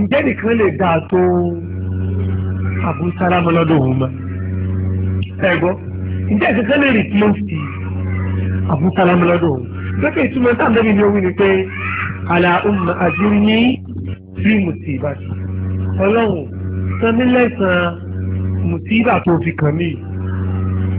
ǹjẹ́ nìkan lè dà tó àbúsálámọ́ lọ́dọ̀ òun mọ́ ẹ̀gbọ́ ǹjẹ́ nìkan lè rí pọ́ǹsì àbúsálámọ́ lọ́dọ̀ òun gbẹ́kẹ̀ ìtumọ̀ tá nẹ́bí ni ó wí ni pé àlà ọmọ àjírí ní fíìmù sí ìbàdàn ọlọ́run sanni lẹ́sàn-án mùsíbà tó fi kàn mí yìí.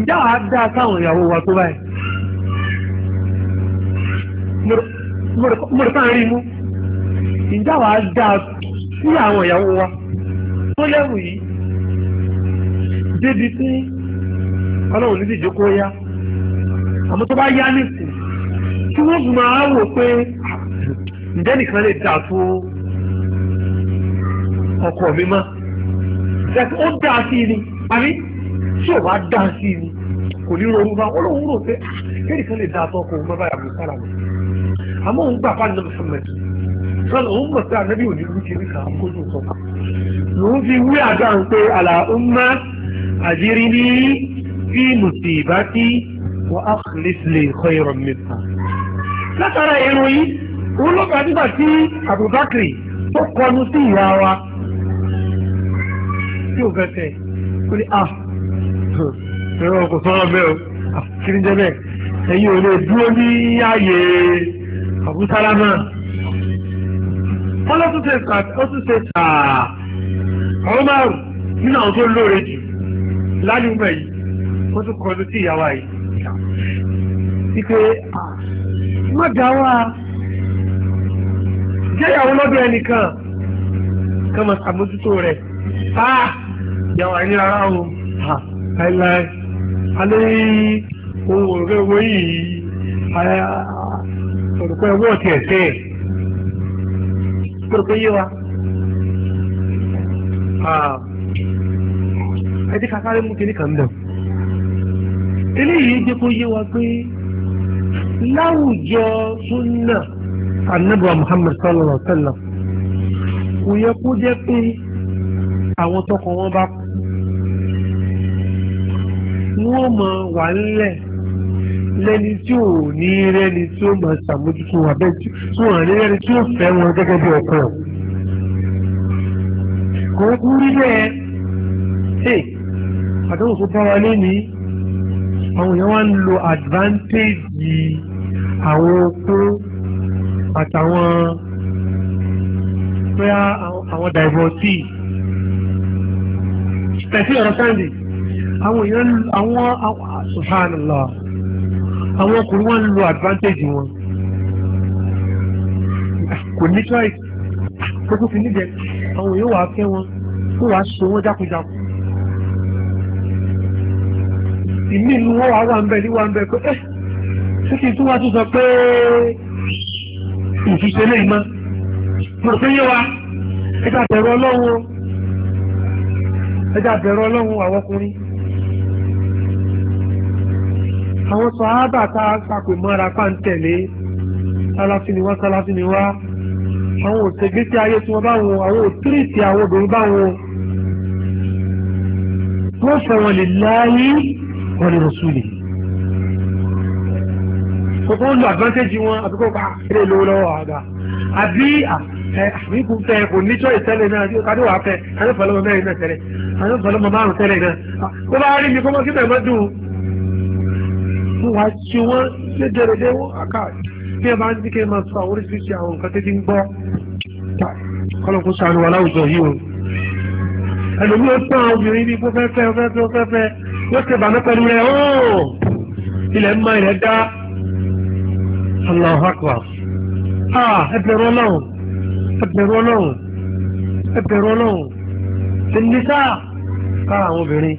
ǹjẹ́ a adá sáwọn ìyàwó wa tó báyìí mọ̀rọ̀ká rí mú ǹjẹ́ àwọn adá sí àwọn ìyàwó wa tó lẹ́rù yìí débi tí ọlọ́run nídìí ìjókòó yá àmọ́ tó bá yá nìsín tí wọ́n fi máa wò pé ǹjẹ́ nìkan lè dà tó ọkọ mi mọ́ ó dà sí ni àbí. tí ò bá dá sí i kò ní ronú bá wọn lóun rò pé ah, kéde kan lè dá àtọ kò má báyà mú sára mi àmọ́ òun gbà fáwọn nàbẹ fún mẹtì sọlá òun mọ̀ sí ànábì òní ló ti rí kà á kójú sọ lòun fi wí àdáhùn pé àlà ń àjírí ní bí musibati wa akhlis li khayran minha látara ìròyìn òun ló gbà nígbà tí Abubakar tó kọnu sí ìyá wa tí ò fẹ́ tẹ̀ ó ní ah ẹ̀rọ kò sọ̀rọ̀ bẹ́ẹ̀ o kiri jẹ́ bẹ́ẹ̀ ẹ̀yin ò lè dúró ní ààyè àbúsálámà wọ́n lọ́tún ṣe sà ọ́tún ṣe sà ọ̀rọ̀ márùn nínú àwọn tó lóore jù lálùmọ̀ yìí wọ́n tún kọjú sí ìyàwó yìí wípé má dá wa jẹ́yàwó lọ́dọ̀ ẹnìkan kọ́mọ sàmójútó rẹ̀ ah ìyàwó àìní rárá o ha láíláí alẹ́ ohun ọ̀rẹ́ owó yìí ọ̀rọ̀pẹ́ owó ọ̀tí ẹ̀tẹ́ ẹ̀ ọ̀rọ̀pẹ́ yé wa. ẹ̀dí kakárẹ́ mú kiri kan dàn. eléyìí jẹ́ kó yé wa pé láwùjọ súnà anábọ̀ Muhammad sallallahu alaihi wa sallam kò yẹ kó jẹ́ pé àwọn tọkọ wọn bá kú wọ́n mọ wà ńlẹ̀ lẹ́ni tí ò ní rẹ́ni tí ó mọ ṣàmójútó wà bẹ́ẹ̀ tí wọ́n hàn ní rẹ́ni tí ó fẹ́ wọn gẹ́gẹ́ bí ọkọ. kò kú rí bẹ́ẹ̀ ẹ̀ àdéhùn tó bá wa lónìí àwọn èèyàn wá ń lo advantage àwọn okó àtàwọn pé àwọn divorcee. pẹ̀sí ọ̀rọ̀ sáǹdì. àwọn èèyàn àwọn subhanallah àwọn ọkùnrin wọn lo advantage wọn kò ní choice kókó fi níbẹ̀ àwọn èèyàn wàá fẹ́ wọn kó wa so wọn jákujáku ìmí wọn wàá wà ń bẹ ní wà ń bẹ pé ẹ eh, pe, kí n sọ pé lè mo yé wa ẹja bẹ̀rù ọlọ́run bẹ̀rù Mm. àwọn sàhábà tá a papò mọ́ra pàǹtẹ̀lé sálàfí ni wá sálàfí ni wá àwọn òṣègbésí ayé tí wọ́n bá wọn àwọn òtírìtì àwọn obìnrin bá wọn wọ́n fẹ́ wọn lè láyé wọn lè rọ̀ṣùlè. kókó ń lo advantage wọn àbí kókó àkéré lówó lọ́wọ́ àgbà àbí àbí kò fẹ́ kò ní choice tẹ́lẹ̀ náà àbí kàdé wàá fẹ́ àyànfọ́ mẹ́rin náà tẹ́lẹ̀ àyànfọ́ márùn-ún tẹ́lẹ̀ náà kó bá rí mi kó mọ́ kí mọ́ dùn fún wa ṣe wọ́n lédèrèdè wọ́n àká bí ẹ bá ń díkẹ́ máa sọ àwọn oríṣiríṣi àwọn nǹkan tẹ́tí ń gbọ́ kọ́lọ́kù sànù wà láwùjọ yìí o ẹlòmí ó tán obìnrin ní kó fẹ́fẹ́ fẹ́fẹ́ fẹ́fẹ́ yóò ṣe bàánú pẹ̀lú rẹ̀ o ilẹ̀ ń ma ilẹ̀ dá Allahu akbar ah ẹbẹ̀rù ọlọ́run ẹbẹ̀rù ọlọ́run ẹbẹ̀rù ọlọ́run ṣe ní sáà kára àwọn obìnrin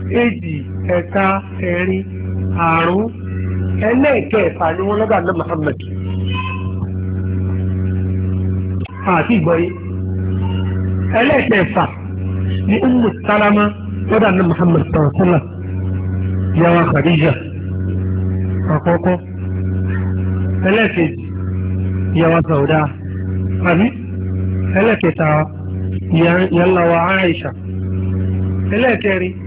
ايدي اتا اري ارو انا كيف انا وانا قال محمد ها تي باي انا كيف ني ام السلامة وانا قال محمد صلى الله عليه وسلم يا خديجة اقوكو انا كيف يا زودا امي انا كيف يا يلا وعائشة الا تاري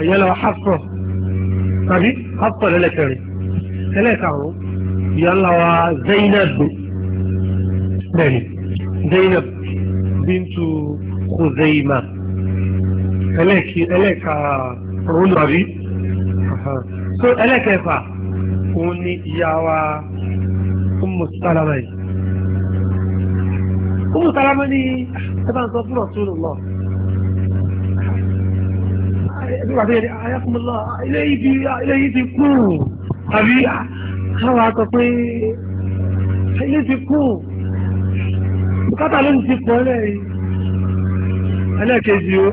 يلا لو حفصة طبي حفصة لا ثلاثة عمو يلا وزينب داني زينب بنت خزيمة
ألاك ألاك
رون ربي سو ألاك يفا كوني ياوا أم السلامي أم السلامة دي تبان صفر رسول الله nígbà tó yẹ ayákùnmọ́lá eléyìí ti eléyìí ti kú àbí káwa sọ pé eléyìí ti kú bùkátà ló ń ti pọ̀ lẹ́yìn ẹlẹ́kejì ó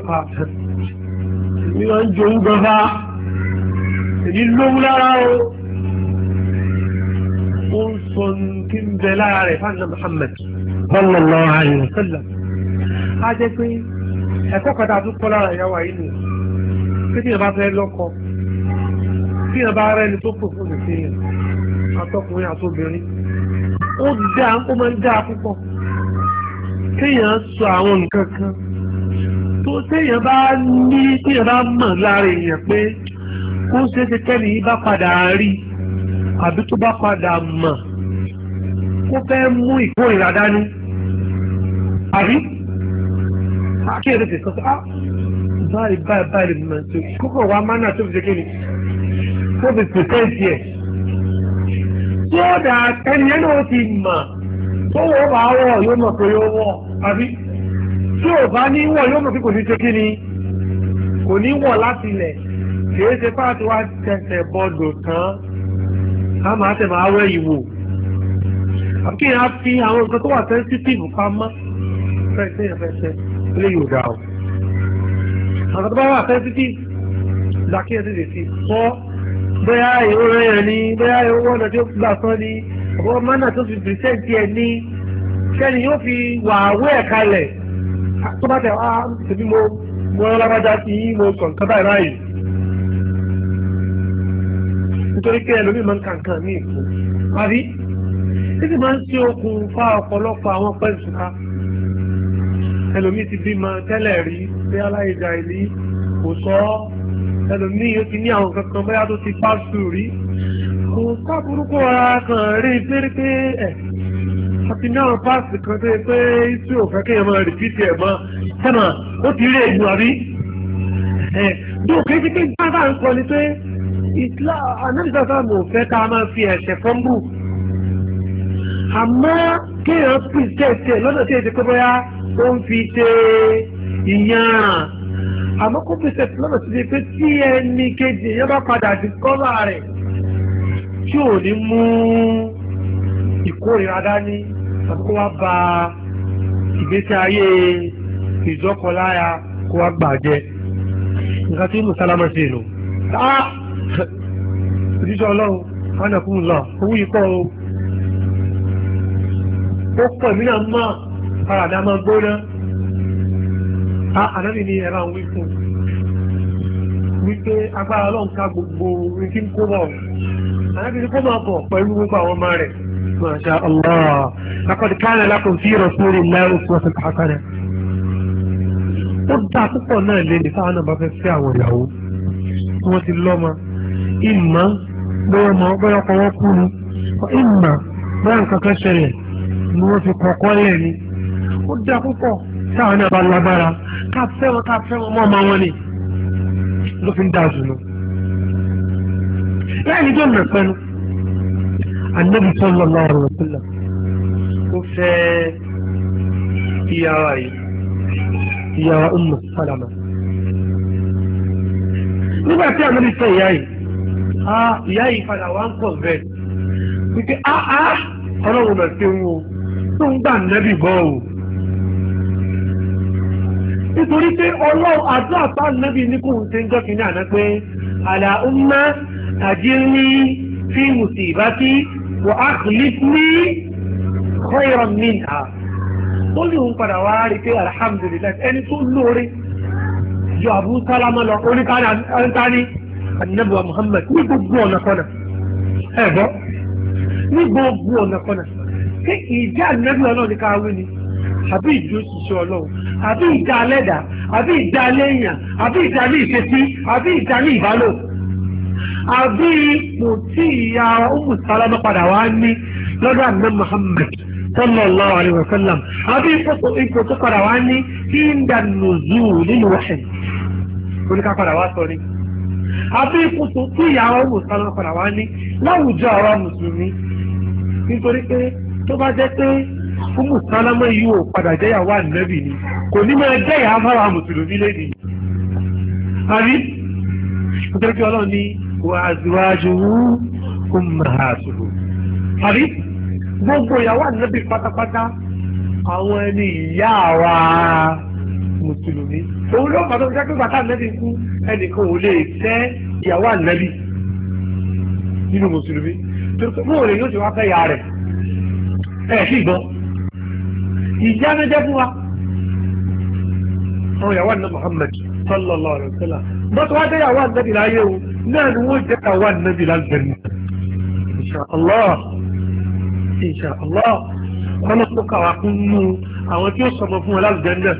èmi máa ń jowú gọba èmi lówó lára o ó ń sọ kí n bẹ lára rẹ̀ fáànà Muhammad sallallahu alaihi wasallam á jẹ́ pé ẹ̀kọ́ kan tá a tún kọ́ lára ìyàwó àyínú. kí ni ìyẹn bá fẹ́ lọ́kọ kí ìyẹn bá rẹ́ni tó kù fún ìsìn àtọkùnrin àtobìnrin ó dáa ó máa ń dáa púpọ̀ kéèyàn sọ àwọn nǹkan kan tó téèyàn bá ní téèyàn bá mọ̀ lára èèyàn pé kó ṣeé ṣe kẹ́ni yìí bá padà rí àbí tó bá padà mọ̀ kó fẹ́ mú ìkórìíra dání àbí kí èrè sọ ah, Sorry, báyìí báyìí the man too. Koko wa wá máa náà tó fi ṣe kí ni tó fi pèsèǹtì ẹ̀. sódà ẹni ẹ̀ náà ti mà tó wọ́n bá wọ̀ yóò mọ̀ pé yóò wọ̀ àbí tí ò bá ní wọ̀ yóò mọ̀ pé kò ní ni kò ní wọ̀ láti ilẹ̀ kìí ṣe fáàtì wá tẹsẹ̀ bọ́ọ̀dù tán a máa tẹ̀ máa wẹ̀ ìwò àbíkí yẹn á fi àwọn nǹkan tó wà sẹ́ńsítìfù pamọ́ fẹ́ẹ́ sẹ́yìn fẹ́ẹ́ sẹ́yìn lè yóò dá o àkàtà bá wà sẹ́ńsítì làkíyèsí lè fi fọ́ bóyá ìwé rẹ̀ ni bóyá ìwé ọ̀nà tí ó gbà sán ni ọ̀pọ̀ mánà tó fi pìrìsẹ́ǹtì ẹ̀ ní sẹ́ni yóò fi wà àwé ẹ̀ kalẹ̀ tó bá tẹ̀ wá tèmi mo mo rán lábájá sí i mo kàn kán báyìí báyìí nítorí pé ẹlòmíì máa ń kàǹkàn ní ìfò àbí títí máa ń ṣe okùnfà ọ̀pọ̀lọpọ̀ àwọn pẹ̀lú ṣùkà ẹlòmíì ti bímọ tẹ́lẹ̀ rí pé aláìjà ìlú kò sọ ọ́ ẹlòmíì ó ti ní àwọn kankan bóyá tó ti pàṣù rí kò sábúrúkú ara kan rí pérépé ẹ̀ àti ní àwọn páàsì kan tó yẹ pé tí ò fẹ́ kéèyàn máa rìpítì ẹ̀ mọ́ sẹ́nà ó ti rí èyí àbí ẹ̀ bí òkè ti pé gbáàbà ń kọ ni pé anábìsá sáàmù ò fẹ́ ká máa fi ẹ̀ṣẹ̀ fọ́nbù àmọ́ kéèyàn pèsè ẹ̀ lọ́dọ̀ tí èdè pé bóyá ó ń fi ṣe é ìyára àmọ́ kó fèsì lọ́nà tó ṣe pé tí ẹni kejì èèyàn bá padà di kọ́lá rẹ̀ tí ò ní mú ìkórìíra dání tàbí kó wá ba ìgbésí ayé ìjọkọláya kó wá gbàjẹ́ nǹkan tí mùsàlámà ṣe nù. òjíṣẹ́ ọlọ́run ánàkùn lọ owó ikọ́ o ó pọ̀ mí náà mọ́ ara mi a máa gbóná ànábì ni ẹ̀rọ àwọn wípò wípé agbára ọlọ́run ká gbogbo wípé ń kó bọ̀ ànábì ni kó máa bọ̀ pẹ̀lú gbogbo àwọn ọmọ rẹ̀ masha allah lakọ́dí káàlẹ̀ lákòó sí ìrọ̀sórí lẹ́rù fún ọ̀sẹ̀ pàápàá ó dá púpọ̀ náà lé ní fáwọn náà bá fẹ́ àwọn ìyàwó tí wọ́n ti lọ́mọ ìmọ̀ bóyá ọmọ bóyá ọkọ wọn kú ni ìmọ̀ bóyá nǹkan kan ṣẹlẹ̀ ni wọ́n fi kọ̀ọ̀kọ́ lẹ̀ ni ó dá púpọ̀ táwọn náà lágbára ká fẹ́ wọn ká fẹ́ wọn mọ́ ọmọ wọn ni ló fi ń dá àjùnú. láyé tó nà pẹ́nu anabi sallallahu alaihi wasallam ó fẹ́ ìyàwó yìí ìyàwó Ummu Salama. nígbà tí anabi fẹ́ ìyá yìí ìyá yìí padà wá ń pọ̀ bẹ́ẹ̀ wípé áá ọlọ́run náà ṣe ń wo tó ń gbà nẹ́bì bọ́ ò nítorí pé ọlọ́run àdúrà bá nàbí ní kò ń ṣe ń jọ́ kínní àná pé àlàúmá àjírí fi musibati wa akhlifni khayran minha ó ní òun padà wá rí pé alhamdulillah ẹni tó lóore yọ àbú sálámà lọ oníkaní anabuwa muhammad ní gbogbo ọ̀nà kọ́nà ẹ̀ bọ́ ní gbogbo ọ̀nà kọ́nà ṣé ìjà anabi ọlọ́run ní káwé ni àbí ìdúró ṣiṣẹ́ ọlọ́run àbí ìdá alẹ́dà àbí ìdá aléèyàn àbí ìdá ní ìfẹ́sí àbí ìdá ní ìbálò àbí ipò tí ìyá Umu Salama padà wá ní lọ́dọ̀ àná Muhammad sallallahu alayhi wa sallam àbí ipò tó padà wá ní ìdá nùzúù nínú wàhẹ̀ oníkà padà wá sọ ni àbí ipò tí ìyá Umu Salama padà wá ní láwùjọ àwa mùsùlùmí nítorí pé tó bá jẹ́ pé fúnmù sálámà yìí ò padà jẹ́yàwó ànẹ́bì ni kò ní máa jẹ́yà fáwọn mùsùlùmí lẹ́ni. àbí nítorí pé ọlọ́run ní wà á síwájú kó máa sòrò. àbí gbogbo ìyàwó ànẹ́bì pátápátá àwọn ẹni ìyá wa mùsùlùmí. òun ló fà tó fi jákèjì bàtà ànẹ́bì kú ẹnìkan ò lè fẹ́ ìyàwó ànẹ́bì nínú mùsùlùmí. tó tó mú òun lè yóò ti wá fẹ́ ya rẹ̀ ẹ̀ sì gbọ́ ìjáná jẹ́ fún wa àwọn ìyàwó àná Muhammad sallallahu alayhi wa sallam bọ́tọ̀ wá déyàwó ànábì láyé o náà ni wọ́n jẹ́ kàwá ànábì lálùbẹ̀rẹ̀ inṣàlá inṣàlá kọ́lọ́pọ̀ kàwá kún nù àwọn tí ó sọmọ fún wa lálùbẹ̀rẹ̀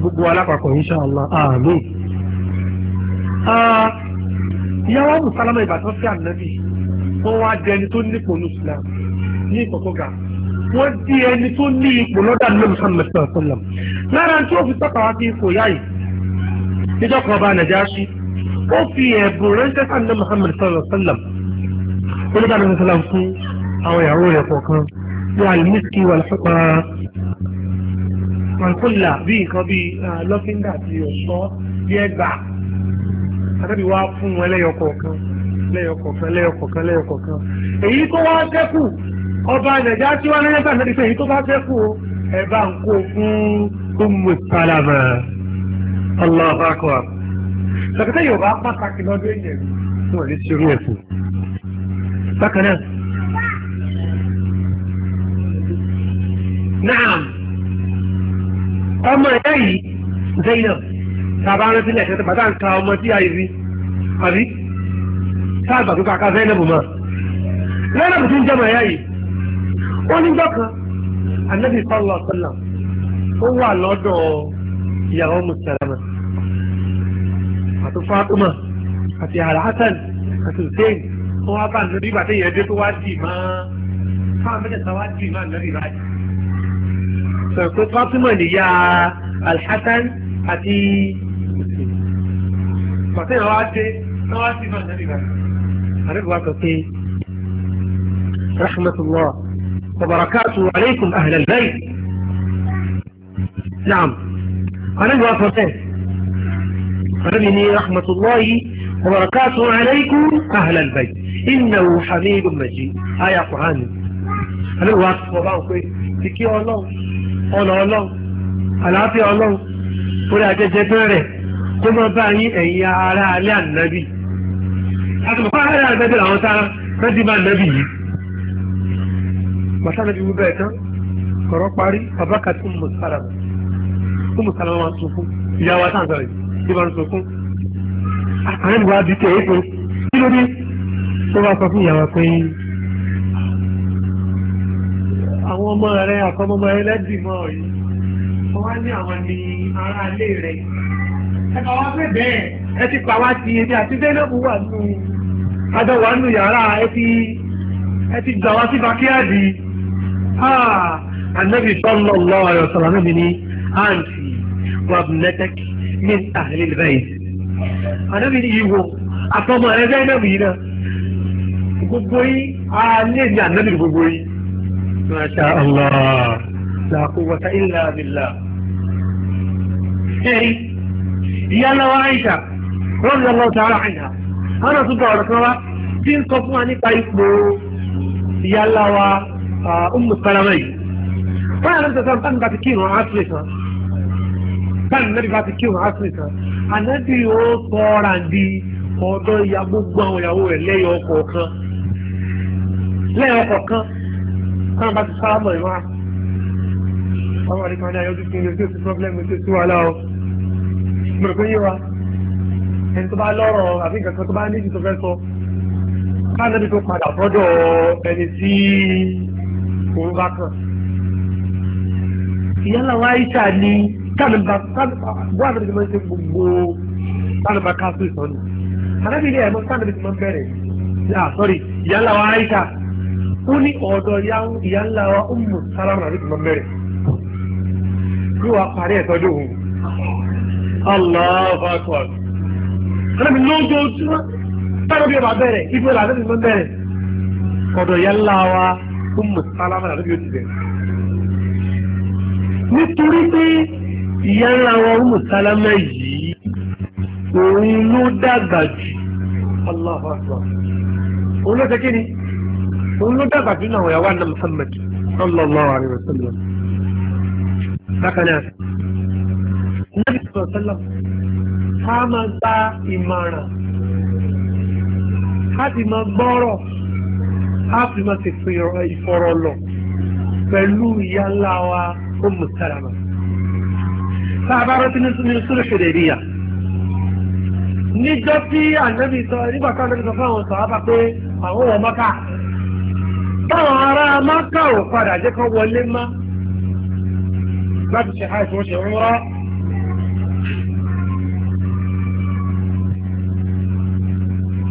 gbogbo alápapọ̀ inṣàlá àmín ìyàwó mùsàlámà ìbátan sí ànábì wọ́n wá jẹ́ ẹni tó nípò ní ìsìlámù ní ìkọ̀kọ̀ gàá wọ́n di ẹni tó ní ipò lọ́dà nílẹ̀ Muhammad sallallahu alaihi wasallam lára tí ó fi tọ́ka wá sí ipò yáyì níjọba ọba Nàjáṣì ó fi ẹ̀bùn ránṣẹ́ sáà nílẹ̀ Muhammad sallallahu alaihi wasallam olùdá nílẹ̀ sọ́lá fún àwọn ìyàwó rẹ̀ kọ̀ọ̀kan ní alimiski wà lọ́pọ̀ mọ̀nkúlà bí nǹkan bíi lọ́fíńdà àti ọ̀ṣọ́ bí ẹgbà àtàbí wá fún wọn lẹ́yọkọ̀ọ̀kan lẹ́yọkọ̀ọ̀kan lẹ́yọkọ̀ọ̀kan lẹ́yọkọ̀ọ̀kan èyí tó wá dẹ́kù ọba nàìjà tí wọn náà bá nàìjíríà èyí tó bá fẹ́ kú ẹ bá ń kó fún Ummu Salama Allahu akbar sọ̀kẹ́tẹ́ yorùbá pàtàkì lọ́dún èèyàn tí lè bákan náà. ọmọ ẹ̀yà yìí Zainab rántí lẹ́sẹ̀ tó bàtà ń ka ọmọ tí a yìí rí àbí tó Zainab mọ́ Zainab tó ń jẹ́ ọmọ ẹ̀yà yìí. wọ́n ní dọ́kan anabi sọlọ sọlọ ó wà lọ́dọ̀ ìyàwó mùsàlámà àti fatima àti alhassan àti hussein wọ́n wá bá nàbí ìgbà tó yẹ dé tó wá dì má fáwọn mẹ́tẹ̀ẹ̀ta wá dì má nàbí báyìí. sọ pé alhassan àti pàtẹ́ ìwà wá dé tó wá dì má nàbí báyìí. àdébùwà sọ pé rahmatulah. وبركاته عليكم أهل البيت نعم أنا أفرسان أرمني رحمة الله وبركاته عليكم أهل البيت إنه حميد مجيد آية قرآن أنا أفرسان وبركاته تكي الله أنا الله àlàáfíà ọlọ́run orí àjẹjẹ bẹ̀rẹ̀ tó mọ́ bá على النبي هذا alẹ́ ànábì.
àtùkọ́ alẹ́ ànábì ما sára mẹ́tì bá
bàtà nàbí wí bẹ́ẹ̀ tán ọ̀rọ̀ parí abákàtí Ummu Salama Ummu Salama máa sọ fún ìyá wa táǹtà rẹ̀ ló máa sọ fún àwọn ìwà àbíkẹ́ ètò kí ló dé tó bá sọ fún ìyá wa pé àwọn ọmọ rẹ àkọ́mọmọ rẹ lẹ́dìmọ̀ yìí wọ́n wá ní àwọn ní aráalé rẹ̀ ẹ̀ka wá pé bẹ́ẹ̀ ẹ ti pa wá ti ebi àti Zainabu wà nù adọ̀wà nù yàrá ẹ ti gbà wá sí bakíyàdì. آه النبي صلى الله عليه وسلم ابني أنت وابنتك من أهل البيت أنا من إيهو أطمع أنا نبي هنا قبوي عالي يعني النبي قبوي ما شاء الله لا قوة إلا بالله هي يلا وعيشة رضي الله تعالى عنها أنا صدق على صلاة في القفوة طيب يلا وعيشة ummu salama yìí báyà náà sọ sáà nígbà tí kí ìrun asiri kan báyà náà nígbà tí kí ìrun asiri kan ànábì ó sọra di ọ̀dọ̀ ìyá gbogbo àwọn ìyàwó rẹ̀ lẹ́yìn ọkọ kan lẹ́yìn ọkọ kan káwọn bá ti sáà mọ ìwà ọmọ rẹ kan ní ayọ́jú sí ilé tí ti problem tí ti wà láwọ mo rò pé yé wa ẹni tó bá lọ́rọ̀ àbí nǹkan tó bá níbi tó fẹ́ sọ káwọn tó padà fọ́dọ̀ ẹni tí òun bá kàn. ìyálà wa aisha ni kánìbà bó àná ti máa ń ṣe gbogbo kánìbà káfíń sọ́nù àdábì ilé ẹ̀mọ́ kánìbà ti máa ń bẹ̀rẹ̀ ah sorry ìyálà wa aisha ó ní ọ̀dọ̀ ìyálà wa Ummu Salama àti ti máa ń bẹ̀rẹ̀ kí wàá parí ẹ̀ sọ́dọ̀ òun. Allahu akbar. Ànábì lójoojúmọ́, táwọn bí ọba bẹ̀rẹ̀, ibi ọ̀là àti ti máa ń bẹ̀rẹ̀. Ọ̀dọ̀ wa ثم السلام على النبي òjìlẹ̀ nítorí pé ìyá ńlá wa ọmọ sálámà yìí òun ló dàgbà jù Allahu Akbar òun ló tẹ́kí ni òun ló dàgbà jù náà ìyàwó àná Muhammad sallallahu alayhi wa sallam bákan náà nàbí sọ̀rọ̀ sálọ̀ ká máa gba ìmọ̀ràn ká sì máa gbọ́rọ̀. á fi ma ṣe fi ìfọ̀rọ̀ lọ pẹ̀lú ìyá ńlá wa Ummu Salama taa a bá rántí nínú sùúrù Hudaybiyah níjọ́ tí ànábì sọ nígbà kan ànábì sọ fún àwọn sàhábà pé àwọn wọ̀ Mákà táwọn ará Mákà padà jẹ́ wọlé má láti àìsàn ṣe ń rọ́.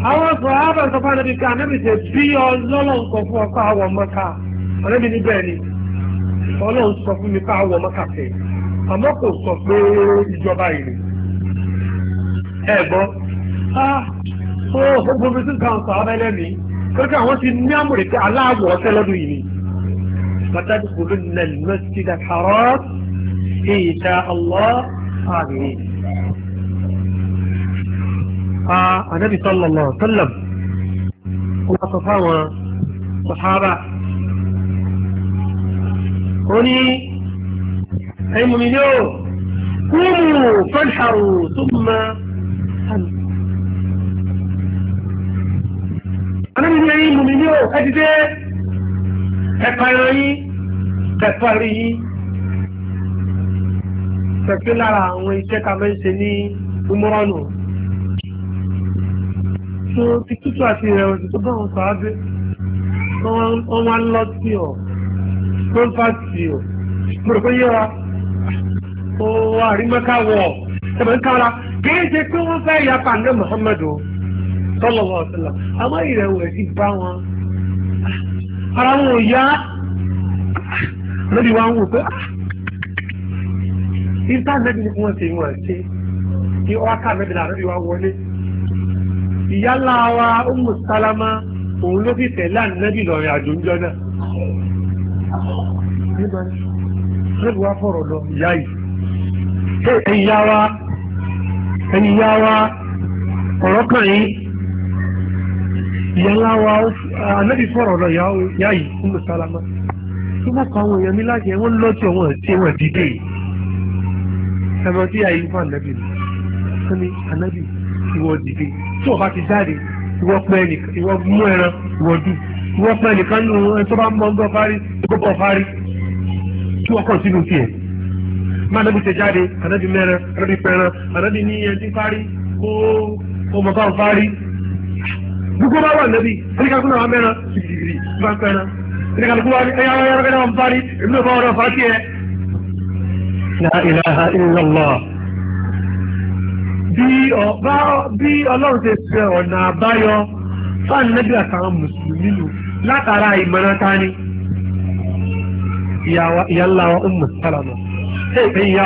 àwọn sọ ábà sọ fún àdébí ká àdébí ṣe bí ọlọ́lọ́ nǹkan fún ọkọ àwọ̀ mọ́ká àdébí níbẹ̀ ni ọlọ́run sọ fún mi ká àwọ̀ mọ́ká fẹ́ àmọ́ kò sọ pé ìjọba ìlú ẹ gbọ́ ó gbogbo tí nǹkan sọ abẹ́lẹ́ mi kókè àwọn ti ní àmúrè pé aláàbò ọ̀sẹ̀ lọ́dún yìí ni pàtàkì kò ló nà lọ́sídà kárọ́ọ̀tì ìta ọlọ́ àbí pa anábì sallallahu alaihi wasallam ó wá sọ fáwọn sàhábà ó ní ẹ̀yin mùmí ní ó kúmù fẹ́ǹṣàrù tó mọ àmì. anábì ní ẹ̀yin mùmí ní ó ẹ ti dé ẹ̀ka ẹran yín ẹ̀ka rí yín tó ti tútù àti ìrẹ̀wẹ̀sì tó bá wọn sàábé wọ́n wá ń lọ sí ọ̀ tó ń fà sí ọ̀ mo rò pé yẹra ó wà rí mẹ́ka wọ̀ ẹ̀bẹ̀ ń kára kìí ṣe pé wọ́n fẹ́ ya pàǹdé Muhammadu sallallahu alaihi wasallam àmọ́ ìrẹ̀wẹ̀sì bá wọn ara wọn ò yá lórí wa ń wò pé ah, ìtàn mẹ́bí ni wọ́n ṣe wọ́n ṣe kí ọ́ ká mẹ́bí náà lórí wa wọlé ìyálà wa Ummu Salama òun ló fi tẹ̀lé ànábì lọ́rin àjò ńjọ́ náà níbi wá fọ̀rọ̀ lọ ìyá yìí ẹ̀yin yá wa ẹ̀yin yá wa ọ̀rọ̀ kan yìí ìyá ńlá wa ànábì fọ̀rọ̀ lọ ìyá yìí Ummu Salama tí wọ́n kọ àwọn èèyàn mi láti ẹ̀ wọ́n lọ́jọ́ wọn tí wọ́n dìde ẹ̀rọ tí àyè ń fà ànábì ni wọ́n ànábì tí wọ́n dìde tí ọba ti jáde ìwọ pẹ́ nìkan ìwọ mú ẹran ìwọ dùn ìwọ pẹ́ nìkan nù ẹni tó bá mọ ń bọ́ fárí tó bọ́ fárí kí wọ́n kàn sínú tiẹ̀ máa nábì ṣe jáde ànábì mẹ́ran ànábì pẹ́ran ànábì ní ẹni tí fárí kó ọmọ bá ń fárí gbogbo bá wà nábì oníkàkú náà wà mẹ́ran gbìgbìgbì bá ń pẹ́ran oníkàkú wà ní ẹyà ẹyà ẹyà ẹyà ń fárí èmi náà bá wọn náà fà á tiẹ̀. La ilaha illallah. bí ọlọ́run ṣe ṣe ọ̀nà àbáyọ fáànù àtàwọn mùsùlùmí lò látara ìmọ̀ràn ta ni ụmụ ọmọ sálàmù ẹ̀yìn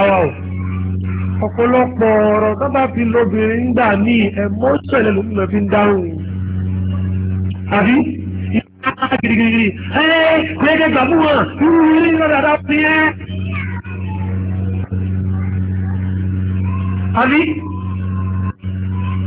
ọ̀pọ̀lọpọ̀ ọ̀rọ̀ tó fi lóbìnrin ń gbà ní ẹ̀mọ́ fi ń dáhùn àbí ìyá ẹ̀ wọn àbí.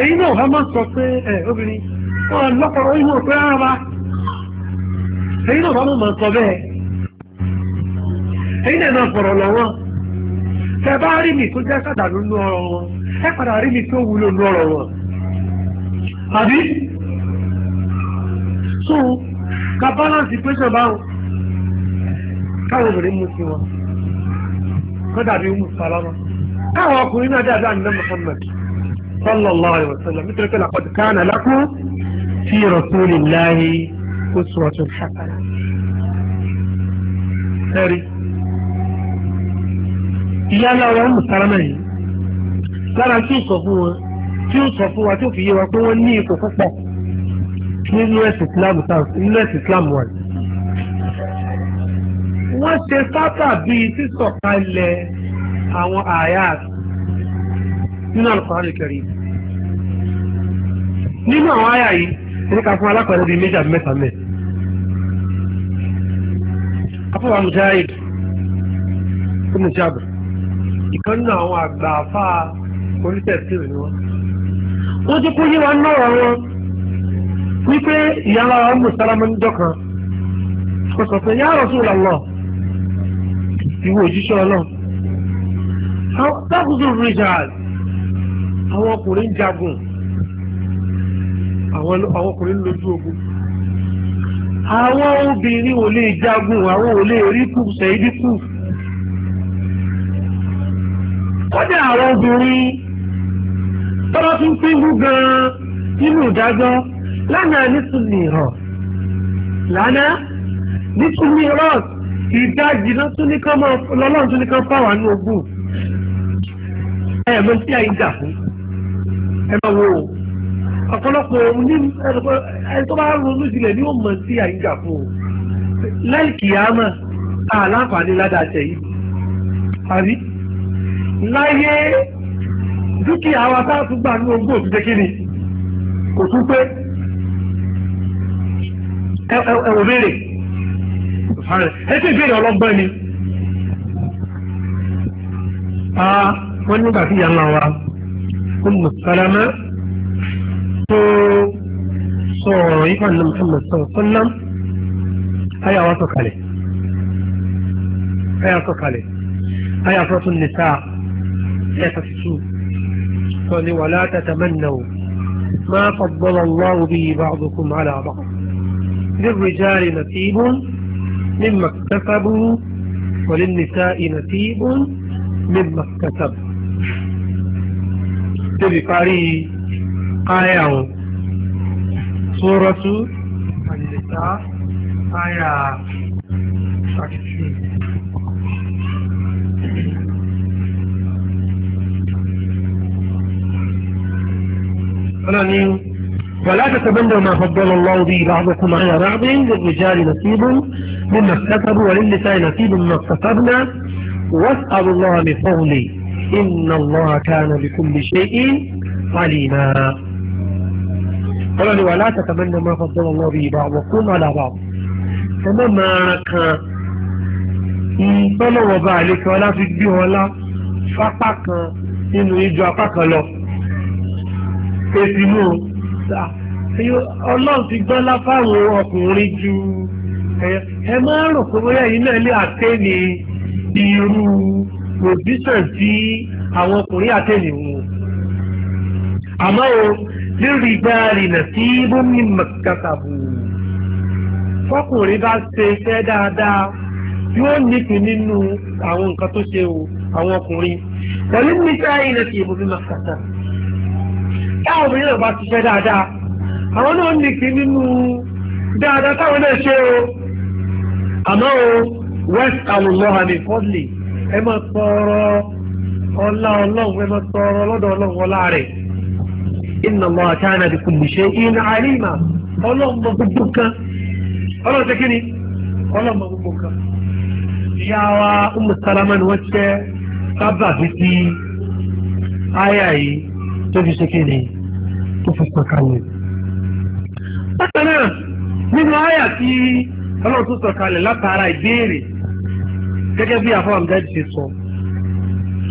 ẹ̀yin náà ma máa sọ pé ẹ̀ obìnrin wọn lọ́kọ̀ọ́ inú òpin ara wa ẹ̀yin náà bá mọ̀ máa sọ bẹ́ẹ̀ ẹ̀yin náà máa fọ̀rọ̀ lọ́wọ́ tẹ bá rí mi tó jẹ́ sàdánù nú ọ̀rọ̀ wọn ẹ padà rí mi tó wúlò nú wọn àbí ka balance equation káwọn obìnrin mú sí wọn kọ́ dàbí mú káwọn ọkùnrin náà Muhammad. sallallahu alaihi wasallam nítorí pé làkọ̀tì káànà lakum
fi rasulillahi
uswatun hasana. ẹ̀rí ìyá aláwọ̀ ọmọ sáramẹ̀ yìí lára tí ó sọ fún wọn tí ó sọ fún wa tí ó fi yé wa pé wọ́n ní ipò púpọ̀ nínú ẹ̀sìn Islam nínú ẹ̀sìn Islam wọn. wọ́n ṣe sábà bíi sísọ̀kalẹ̀ àwọn àyà àti nínú Al-Qur'an Al-Karim nínú àwọn àyà yìí ní ká fún alápẹ̀rẹ̀ bíi méjì àbí mẹ́ta mẹ́ afọwà Mujahid fúnmi jábọ̀ ìkan nínú àwọn àgbà afá onítẹ̀sí rẹ̀ ni wọ́n wọ́n ti kú yí náà wọn wípé ìyára ọmọ sálámà níjọ kan kò sọ pé ya Rasulullah ìwé òjíṣẹ́ ọlọ́run táàkùsù rìjàdì àwọn ọkùnrin jagun àwọn ọkùnrin lójú ogun àwọn obìnrin ò lè jagun àwọn ò lè rí kù sẹ́yìn kù kódà àwọn obìnrin tọ́lá tún pínpín gan-an nínú ìdájọ́ lánàá nítorí hàn lánàá nítorí hàn ìdájì lọ́lọ́run tún ní kan fáwọn ogun ẹ̀ẹ̀mọ́ àyíjà fún ẹ máa wo ọ̀pọ̀lọpọ̀ òun ní ẹni tó bá ronú ìjìnlẹ̀ ni ó mọ̀ sí àyíjà fún o láì kìyàmọ̀ àlàǹfààní ládàjẹ yìí àbí láyé dúkìá wa tá a tún gbà ní ogún òtún jẹ́ kí ni kò tún pé ẹwọ béèrè ẹtí ìbéèrè ọlọ́gbọ́n ni wọ́n nígbà tí ìyá ńlá wa. كل السلامة صعيفا لمحمد صلى الله عليه وسلم هيا واتوك عليه هيا واتوك عليه هيا فرط النساء هيا تفسون ولا تتمنوا ما فضل الله به بعضكم على بعض للرجال نتيب مما اكتسبوا وللنساء نتيب مما اكتسبوا débi parí áyà o sórọ́tú àdìlẹ́ta áyà ṣàkìtì. ọlọ́ni ولا تتبنوا ما فضل الله به بعضكم على بعض للرجال نصيب مما اكتسبوا وللنساء نصيب مما اكتسبنا واسألوا الله من فضله inna Allaha kana bi kulli shay'in alima ọlọ́ni wà látàkàmẹ́ ní ọmọ afọ́sọ́nà lọ́rí ìbá ọ̀kún àlàbà ọmọ mẹ́rin kan ìtọ́lọ́wọ́ bá àlékè ọlá fi gbé ọlá fápá kan nínú ìjọ apá kan lọ èsì mú ọlọ́run ti gbọ́ láfáwọn ọkùnrin ju ẹ máa rò pé bóyá yìí náà lè àtẹ́ ní irú position tí àwọn ọkùnrin àtẹ̀lé wọn. àmọ́ o lérí gbáàrin nà sí bómi màkàtàbù fọkùnrin bá ṣe iṣẹ́ dáadáa yóò nípìn nínú àwọn nǹkan tó ṣe o àwọn ọkùnrin pẹ̀lú níta ìnà sí bómi màkàtàbù táwọn obìnrin náà bá ṣiṣẹ́ dáadáa àwọn náà nípìn nínú dáadáa táwọn náà ṣe o àmọ́ o west alùlọ́hà ní fọ́dlì ẹ máa tọrọ ọlá ọlọ́run ẹ máa tọrọ lọ́dọ̀ ọlọ́run ọlá rẹ̀ inna Allah kana bi kulli shay'in alima ọlọ́run mọ gbogbo kan ọlọ́run ṣe kí ni ọlọ́run mọ gbogbo kan ìyá wa Umm Salama ni wọ́n tẹ́ sábàbí sí àyà yìí tó fi ṣe kí tó fi pàkàlẹ̀. bákan náà nínú àyà tí ọlọ́run tó sọ̀kalẹ̀ látara ìbéèrè. gẹ́gẹ́ bí àfọwọ́ àmì sọ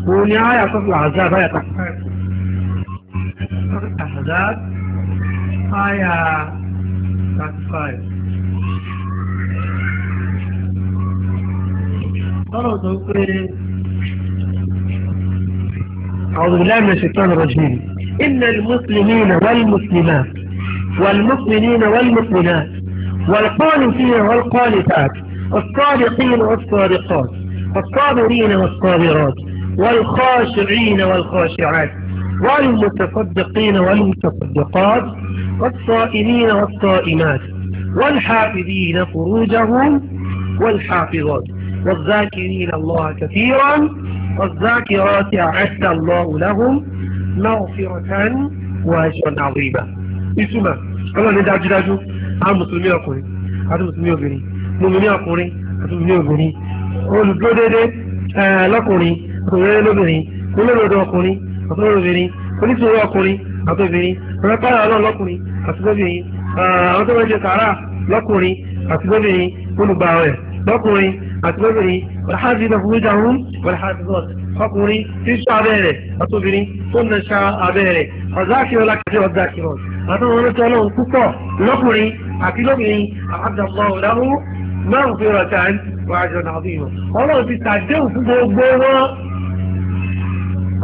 òun ni àyà tó fìlà àzá àbáyà tó àzá àyà 35 أعوذ بالله من الشيطان الرجيم إن المسلمين والمسلمات والمؤمنين والمؤمنات والقانتين والقانتات الصادقين والصادقات الصابرين والصابرات والخاشعين والخاشعات والمتصدقين والمتصدقات والصائمين والصائمات والحافظين فروجهم والحافظات والذاكرين الله كثيرا والذاكرات أعد الله لهم مغفرة وأجرا عظيما اسمع الله ندعو عن مسلمين أقول عن مسلمين أقول mùmíní ọkùnrin àti mùmíní obìnrin olùdúró déédé lọ́kùnrin àtòwéré lóbìnrin olódodo ọkùnrin àtòwéré obìnrin oníṣòwò ọkùnrin àtòbìnrin rẹpárà ọlọ́run lọ́kùnrin àti lóbìnrin àwọn tó máa ń ṣe sàárà lọ́kùnrin àti lóbìnrin olùgbàwẹ̀ lọ́kùnrin àti lóbìnrin wàhálì náà fún ìdáhùn wàhálì náà ọkùnrin tí ń ṣe abẹ́rẹ̀ àtòbìnrin tó ń ṣe abẹ́rẹ̀ ọ̀zákìrọ̀ lákàtí ọ̀zákìrọ̀ àtàwọn ọ̀rẹ́sẹ̀ ọlọ́run púpọ̀ lọ́kùnrin àti lóbìnrin àbájáwọ̀ ọ̀dáhùn márùn fi rọ̀tà wà á jọ̀nà àbí yàn ọlọ́run ti tàdéhùn fún gbogbo wọn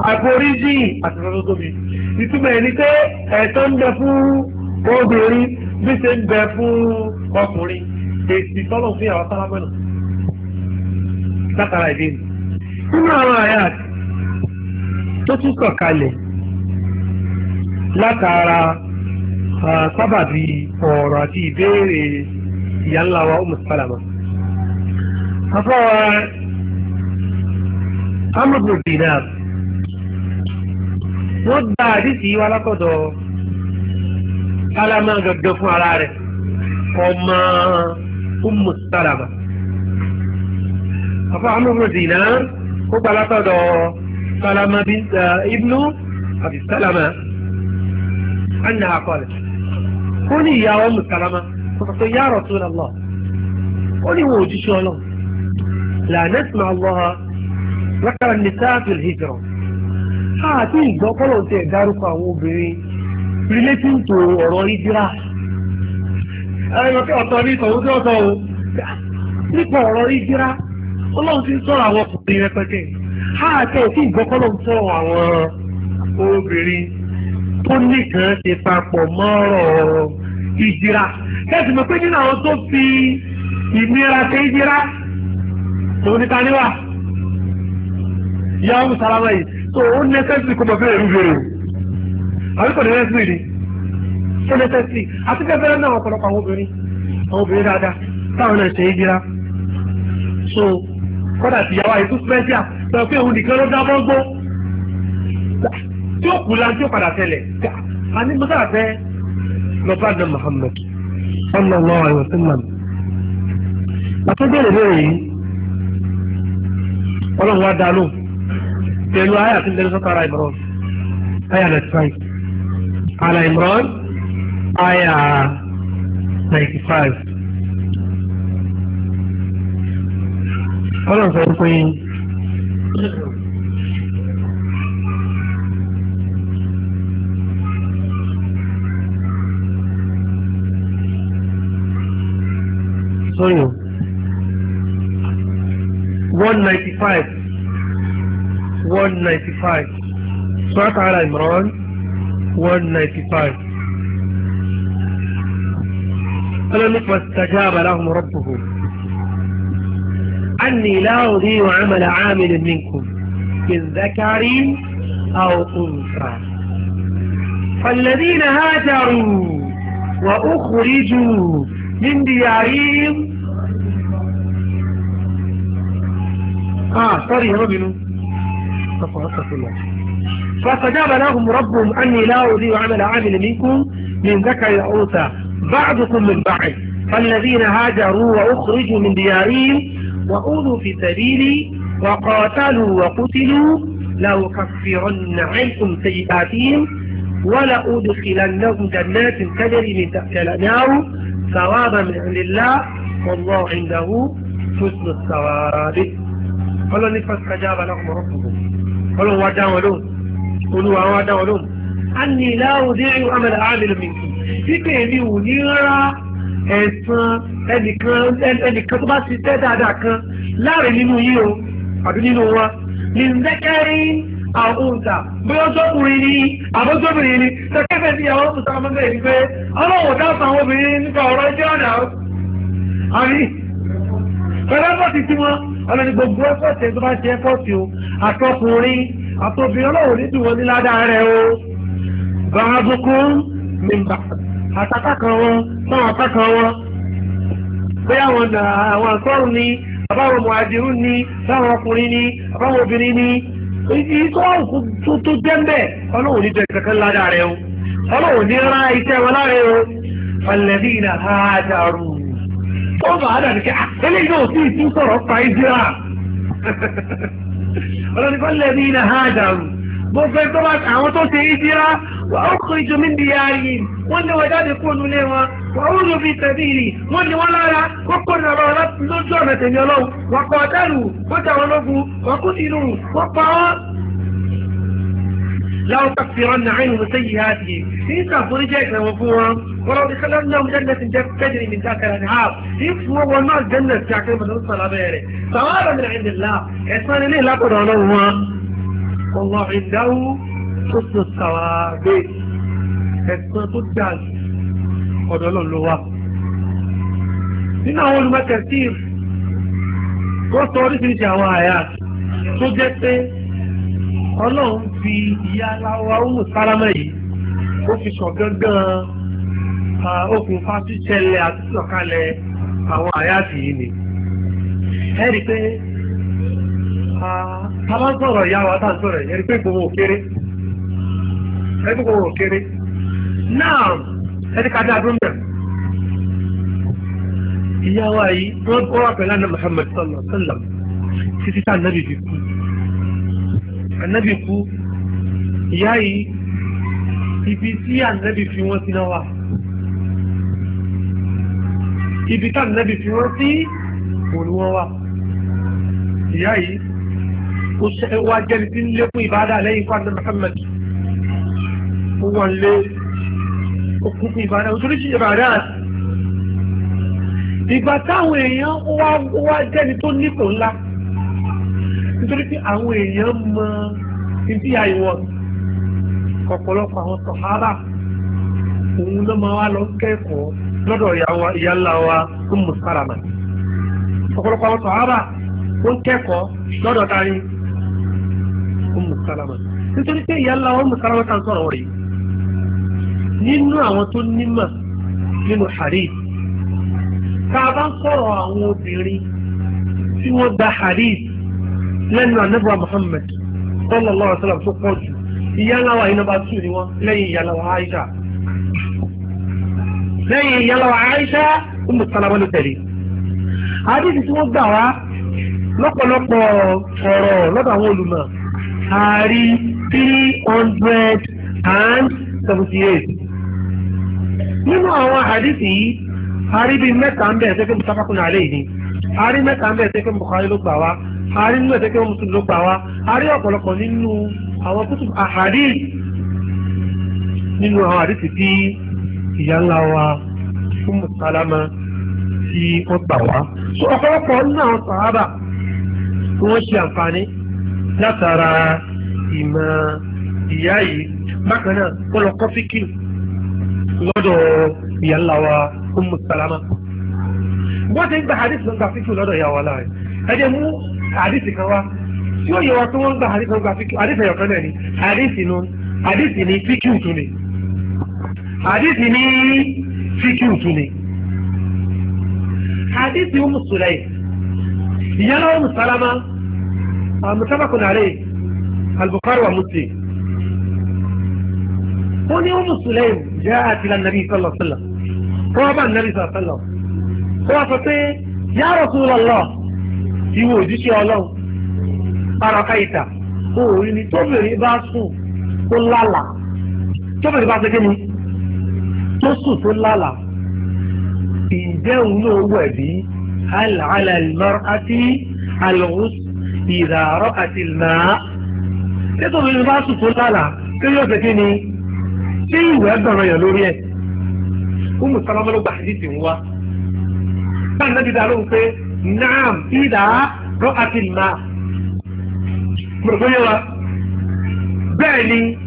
àforíjì àtìlọ́dún tóbi ìtumọ̀ ẹni pé ẹ̀tọ́ ń bẹ fún obìnrin bí ṣe ń bẹ fún ọkùnrin èsì tọ́lọ̀ fún ìyàwó sálámẹ́nà látara ìdí nínú àwọn àyà tó tún kàn kalẹ̀ látara ah, sábàbí ọ̀rọ̀ àti ìbéèrè ìyá ńlá wa Umu Salama afọwọ́ amúgbò dìnnà wọ́n gba àdìsí wa lákọ̀dọ̀ Salama gẹ́gẹ́ fún ara rẹ̀ ọmọ Umu Salama afọwọ́ amúgbò dìnnà ó gba lákọ̀dọ̀ Salama ibnu àti Salama anna akọ̀lẹ̀ ó ní ìyá sọ pé ya Rasulullah ó ní wọn òjíṣẹ́ ọlọ́run la nasma Allah zakara nisa fil hijra àti ìgbọ́kọ́lọ̀ ti ẹ̀ dárúkọ àwọn obìnrin relating to ọ̀rọ̀ hijra ẹ̀rọ ọ̀tọ̀ ní ìtọ̀wọ́ tí ọ̀tọ̀ o nípa ọ̀rọ̀ hijra ọlọ́run ti ń sọ̀rọ̀ àwọn ọkùnrin rẹpẹtẹ àti òfin ìgbọ́kọ́lọ̀ ń sọ̀rọ̀ àwọn obìnrin tó nìkan ti papọ̀ mọ́ ọ̀rọ̀ ìjìra kẹ́sì mi pé nínú àwọn tó fi ìnira ṣe ìjìra òun ni taniwa ìyá ọmọ sàlámà yìí tó ó nẹ́sẹ̀sì kó mọ̀ fẹ́ èrú fèrè o àbí kò nẹ́sẹ̀sì ni ó nẹ́sẹ̀sì àti bẹ́ẹ̀ bẹ́ẹ̀ náà ọ̀pọ̀lọpọ̀ àwọn obìnrin àwọn obìnrin dáadáa táwọn náà ṣe ìjìra so kọ́dà tìyàwó àyíkú special sọ pé òun nìkan ló dábọ́ gbó tí ó kù la tí ó padà tẹ̀lẹ̀ a ní mọ́tàfẹ́ lọ́pàdà Muhammad sallallahu alaihi wasallam àtúndẹ̀rẹ̀ bẹ́ẹ̀ yìí ọlọ́run wá dáa lò pẹ̀lú ayé àti ìdẹ́rẹ́ sọ́kà ara Imran ayé àlẹ́ tíráì ara Imran ayé à ọlọ́run sọ pé. Antonio. 195. 195. صلاة على عمران. 195. فلم استجاب لهم ربه. أني لا أضيع عمل عامل منكم من ذكر أو أنثى. فالذين هاجروا وأخرجوا من ديارهم آه، فاستجاب لهم ربهم أني لا اريد عمل عامل منكم من ذكر الاوثى بعضكم من بعض فالذين هاجروا وأخرجوا من ديارهم وأولوا في سبيلي وقاتلوا وقتلوا لأكفرن عنكم سيئاتهم ولأدخلنهم جنات تجري من تحت الأنهار ثوابا من عند الله والله عنده حسن الثواب ọlọ́ni fásitì aláhùn rọ́pùpù ọlọ́run wá dá wọn lóhùn olúwa wá dá wọn lóhùn a ní ìlàhùn dé ìwọ amẹ́lẹ̀ àmìlò mi wípé èmi ò ní rá ẹ̀sán ẹnìkan tó bá ti tẹ́ dáadáa kan láàrin nínú yìí o àbí nínú wa ní ndẹ́kẹ́rí àwọn bóyá ọjọ́kùnrin ni àbójọ́bìnrin ni tẹ́kẹ́fẹ́ sí àwọn òǹtà ọmọdé yìí pé ọlọ́wọ́ dáàbò àwọn obìnrin nípa ọ̀rọ̀ ẹjẹ́ ọ̀nà àrí pẹ̀lú ẹgbẹ́ ti ti wọn ọlọ́ni gbogbo ẹ́fọ́ọ̀tì tó bá ṣe ẹ́fọ́ọ̀tì o àtọkùnrin àtọbìnrin ọlọ́run nídùn wọn ní ládàá rẹ o bàbùkù mìmbà àtàkà kan wọn táwọn apá kan wọn bóyá àwọn àwọn àtọ́rù ni àbáwọn mọ̀hàdìrún ni báwọn ọkùnrin ni àbáwọn obìnrin ni èyí tó wà tó tó jẹ́ńbẹ̀ ọlọ́run ní bẹ̀rẹ̀ ládàá rẹ o ọlọ́run ní rárá iṣẹ́ wọn láre o fàlẹ́dínà ádáàrú ó bàá dàbí kí ah, eléyìí náà sì tún sọ̀rọ̀ pa ìdíra ọlọ́nìkan lẹ́ni iná ha dàrú gbogbo ẹgbẹ́ bá àwọn tó ṣe ìdíra wọ́n kò ìjọ mi di ààyè wọ́n lé wọn jáde kúrò nílé wọn wọ́n ó lò fi tẹ̀lé ìlì wọ́n ní wọ́n lára wọ́n kó ìrọ̀lọ́ lójú ọ̀nà tèmi ọlọ́run wọ́n kọ́ ọ̀dẹ́rù wọ́n tàwọn ológun wọ́n kú ìlú wọ́n pa wọ́n láwọn kàfihàn náà àìní wọ́n sẹ́yìn yáa tiẹ̀ ní sàfúrí jẹ́ ìgbàwọ̀ fún wọn wọ́n bí kálá náà wọ́n jẹ́nà ti jẹ́ pẹ́jìrì ní dákàrà ní hàb ní fún wọn náà jẹ́nà ti àkẹ́rẹ́ mọ̀lẹ́ sọ̀rọ̀ abẹ́rẹ́ sàwárà mi rìn nílá ẹ̀sán ilé ìlàkọ̀dọ̀ ọlọ́run wọn ọlọ́ ìdáwó tó tó sàwàgbé ẹ̀sán tó dà ọ̀dọ̀ ọlọ́run ló wà nínú àwọn olùmọ̀tẹ̀síf tó sọ oríṣiríṣi àwọn àyà tó jẹ́ pé ọlọ́run fi ìyá aláwa ọmọ sálámà yìí ó fi sọ gángan okùnfà ṣíṣẹlẹ̀ àti sọ̀kalẹ̀ àwọn àyàtì yìí ni ẹ rí i pé ta bá ń sọ̀rọ̀ ìyá wa tá à ń sọ̀rọ̀ ẹ rí i pé gbogbo òkèrè ẹ rí i pé gbogbo òkèrè náà ẹ rí i ká dá dúró mẹ́rin ìyá wa yìí wọ́n kọ́ wà pẹ̀lú àná Muhammad sallallahu sallam títí tá a nàbì fi kú ànábì kú ìyá yìí ibi tí ànábì fi wọ́n sí náà wà ibi tí ànábì fi wọ́n sí òun ni wọ́n wà ìyá yìí ó ṣe wá jẹ́ni tí ń lékún ìbádà lẹ́yìn fún ànábì Muhammad ó wà ń lé òkùnkùn ìbádà òṣèlú ìbádà ìgbà táwọn èèyàn wá jẹ́ni tó nípò ńlá nítorí pé àwọn èèyàn mọ ibi àìwọ̀ ọ̀pọ̀lọpọ̀ àwọn sọ̀hárà òun ló máa wá lọ kẹ́kọ̀ọ́ lọ́dọ̀ ìyá ńlá wa Ummu Salama ọ̀pọ̀lọpọ̀ àwọn sọ̀hárà ó ń kẹ́kọ̀ọ́ lọ́dọ̀ dání Ummu Salama nítorí pé ìyá wa Ummu Salama sọ̀rọ̀ rẹ̀ nínú àwọn tó nímọ̀ nínú hadith tá a bá ń sọ̀rọ̀ àwọn obìnrin tí wọ́n gba hadith lẹ́nu ànábọ̀ Muhammad sallallahu alaihi wasallam tó pọ̀ jù ìyáláwa ìnàbà tù ni wọ́n lẹ́yìn ìyáláwa Aisha lẹ́yìn ìyáláwa Aisha Ummu Salama ló tẹ̀lé àdéhùn tí wọ́n gbà wá lọ́pọ̀lọpọ̀ ọ̀rọ̀ lọ́dọ̀ àwọn olùmọ̀ ààrí three hundred and seventy eight nínú àwọn àdéhùn yìí ààrí bíi mẹ́ta ń bẹ̀ ṣẹ́kẹ́ mùsàkàkùn àlẹ́ yìí ààrí mẹ́ta ń bẹ̀ ṣẹ́kẹ́ Bukhari ló gbà wá a rí nínú ẹ̀tẹ́kẹ́ mùsùlùmí ló gbà wá a rí ọ̀pọ̀lọpọ̀ nínú àwọn kútù àhàdí nínú àwọn àdìsí tí ìyá ńlá wa fún mùsàlámà tí wọ́n gbà wá. sọ ọ̀pọ̀lọpọ̀ nínú àwọn sàhábà tí wọ́n ṣe àǹfààní látara ìmọ̀ ìyá yìí bákan náà wọ́n lọ kọ́ fíkì lọ́dọ̀ ìyá ńlá wa fún mùsàlámà. wọ́n ti ń gba àdìsí lọ́dọ̀ fíkì lọ́dọ̀ ìyá àdìsí kan wá tí ó yẹ wa pé wọ́n gba àdìsí kan gba fíkì àdìsí ẹ̀yọ̀ kan náà ni àdìsí nu àdìsí ni fíkì òtún ni àdìsí ni fíkì òtún ni àdìsí ó mùsùlẹ̀ ìyá lọ́wọ́ mùsàlámà àmùsábàkùn àlẹ́ Al-Bukhari wa Muslim wọ́n ní ọmọ sùlẹ́yìn jẹ́ àtìlá nàbí sọ́lọ̀ sọ́lọ̀ wọ́n bá nàbí sọ́lọ̀ sọ́lọ̀ wọ́n sọ pé yá Rasulullah ìwò òjíṣẹ́ ọlọ́run páraka ìta òòrùn ni tóbìnrin bá sùn tó lálàá tóbìnrin bá ṣe kí ni tó sùn tó lálàá ǹjẹ́ òun náà wẹ̀ bí alàlà ìmọ̀ràn àti àlọ́hùn ìdàrọ́ àti ìlànà nítorí bá sùn tó lálàá kí yóò ṣe kí ni tí gbọ̀nà yàn lórí ẹ̀. ó mú sálámọ́lọ́gbà yìí ti ń wá. báyìí náà ti dá lóhùn pé نعم إذا رأت الماء مرغيرة بعني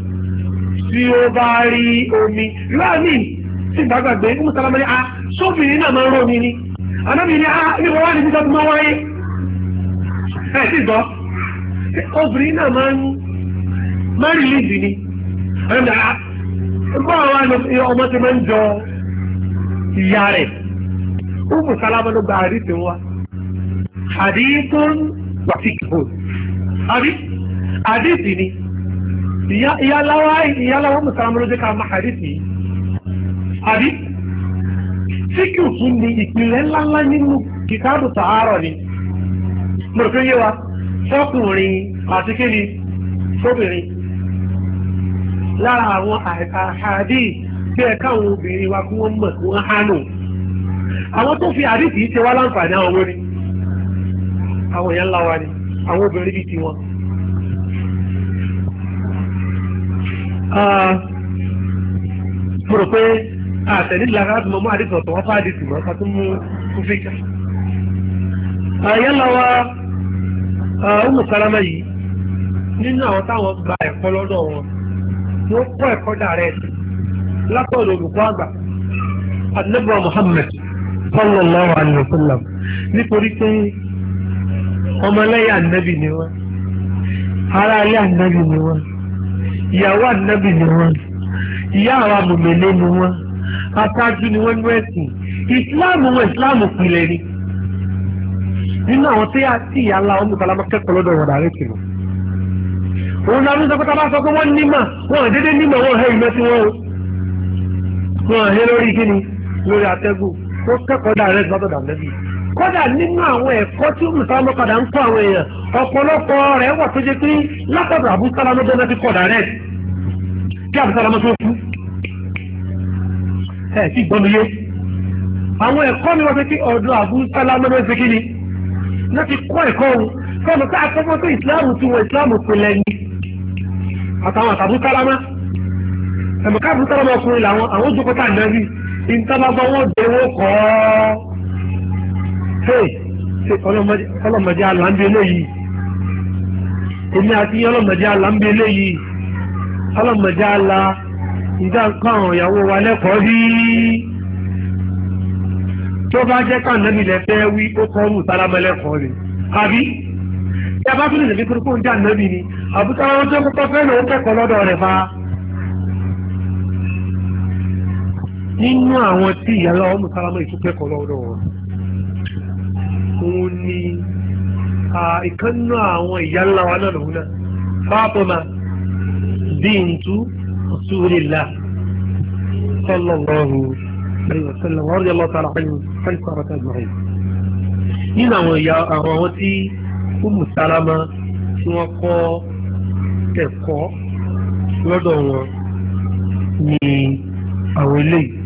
سيوباري أمي رامي sí gbàgbàgbé mùsàlámà ní a sóbìnrin náà máa ń rò mí ni anábì ní a ní wọ́n wá ní títọ́ tó máa wáyé ẹ̀ sì gbọ́ obìnrin náà máa ń máa rí líìsì ni anábì ní a bá wa ní ọmọ tí máa ń jọ ìyá rẹ̀ ó mùsàlámà ló gba àríṣe wa àdínkùn wàfíkùn àbí àdínkì ni ìyáláwá ìyáláwá mùsàlámù ló jẹ́ ká máa àdínkì yìí àbí fíkù tún ni ìpìlẹ̀ ńláńlá nínú kìtàbù sàárọ̀ ni mo rò pé yé wa fọ́kùnrin àti kíni fóbìnrin lára àwọn àhàdí bí ẹ̀ka àwọn obìnrin wa kí wọ́n mọ̀ kí wọ́n hánù àwọn tó fi àdínkì yìí ṣe wá láǹfààní àwọn orin àwọn èèyàn láwa ni àwọn obìnrin bíi tiwọn. Ah, mo rò pé àtẹ̀lé ìlànà àti mọ̀mọ́ àdìsàn tó wọ́n fáàdì tìmọ̀ ká tó mú fún fíkà. àyàn ah, láwa ọmọ ah, sálámà yìí nínú àwọn táwọn gba ẹ̀kọ́ lọ́dọ̀ wọn wọ́n kọ́ ẹ̀kọ́ dàrẹ́ látọ̀dọ̀ olùkọ́ àgbà adébọ̀ Muhammad sallallahu alayhi wa sallam nítorí pé ọmọlẹ́yìn ànábì ni wọ́n ara ilé ànábì ni wọ́n ìyàwó ànábì ni wọ́n ìyá àwọn amòmèlé ni wọ́n aṣáájú ni wọ́n ní ìsìláàmù wọn ìsìláàmù ni nínú àwọn tí a ti kẹ́kọ̀ọ́ lọ́dọ̀ wọn dàrẹ́ tì lọ. òun náà ló sọ a bá sọ pé wọ́n wọ́n wọ́n hẹ́ tí wọ́n o wọ́n hẹ́ lórí kíni kódà nínú àwọn ẹ̀kọ́ tí mùsàlámù padà ń kọ́ àwọn èèyàn ọ̀pọ̀lọpọ̀ rẹ̀ wà tó jẹ́ pé látọ̀dọ̀ àbúsàlámù dọ́nà ti kọ̀ dàrẹ́ kí àbúsàlámù tó kú ẹ̀ sì gbọ́n mi yé àwọn ẹ̀kọ́ mi wọ́n fi kí ọ̀dọ̀ àbúsàlámù ló ń fi kí ni wọ́n ti kọ́ ẹ̀kọ́ òun fọ́nù ká àkọ́kọ́ tó ìsìláàmù tí wọ́n ìsìláàmù pè lẹ́yìn àtàwọn àtàbúsàlámù ẹ̀mọ̀ká àbúsàlámù ọkùnrin làwọn àwọn òjòkó tá à ń dẹ́rí ìntàbàbà wọn dẹ̀wọ́ kọ́ ọ́ ọlọ́mọdé àlàmbé léyìí èmi àti ọlọ́mọdé àlàmbé léyìí ọlọ́mọdé ala ìdá àwọn ìyàwó wa lẹ́kọ̀ọ́ rí tó bá jẹ́ ká nàbì lẹ fẹ́ wí ó kọ́ ọ́rùn lẹ́kọ̀ọ́ rẹ̀ àbí tí a bá tún lè fi kúrú kó ń nàbì ni àbúkọ́ àwọn tó kọ́kọ́ fẹ́ kẹ́kọ̀ọ́ lọ́dọ̀ rẹ̀ fa. nínú àwọn tí ìyàlá ọmọ lọ́dọ̀ wọn. òun ni ìkànnà àwọn ìyá ńlá wa náà lòun náà Fatima bíntu Rasulillah sallallahu alayhi wa sallam wa radiyallahu ta'ala anhu fẹ́ẹ́ sọ̀rọ̀ tẹ́lẹ̀ mọ́rin. nínú àwọn ìyá àwọn àwọn tí Ummu Salama tí wọ́n kọ́ ẹ̀kọ́ lọ́dọ̀ wọn ni àwọn eléyìí.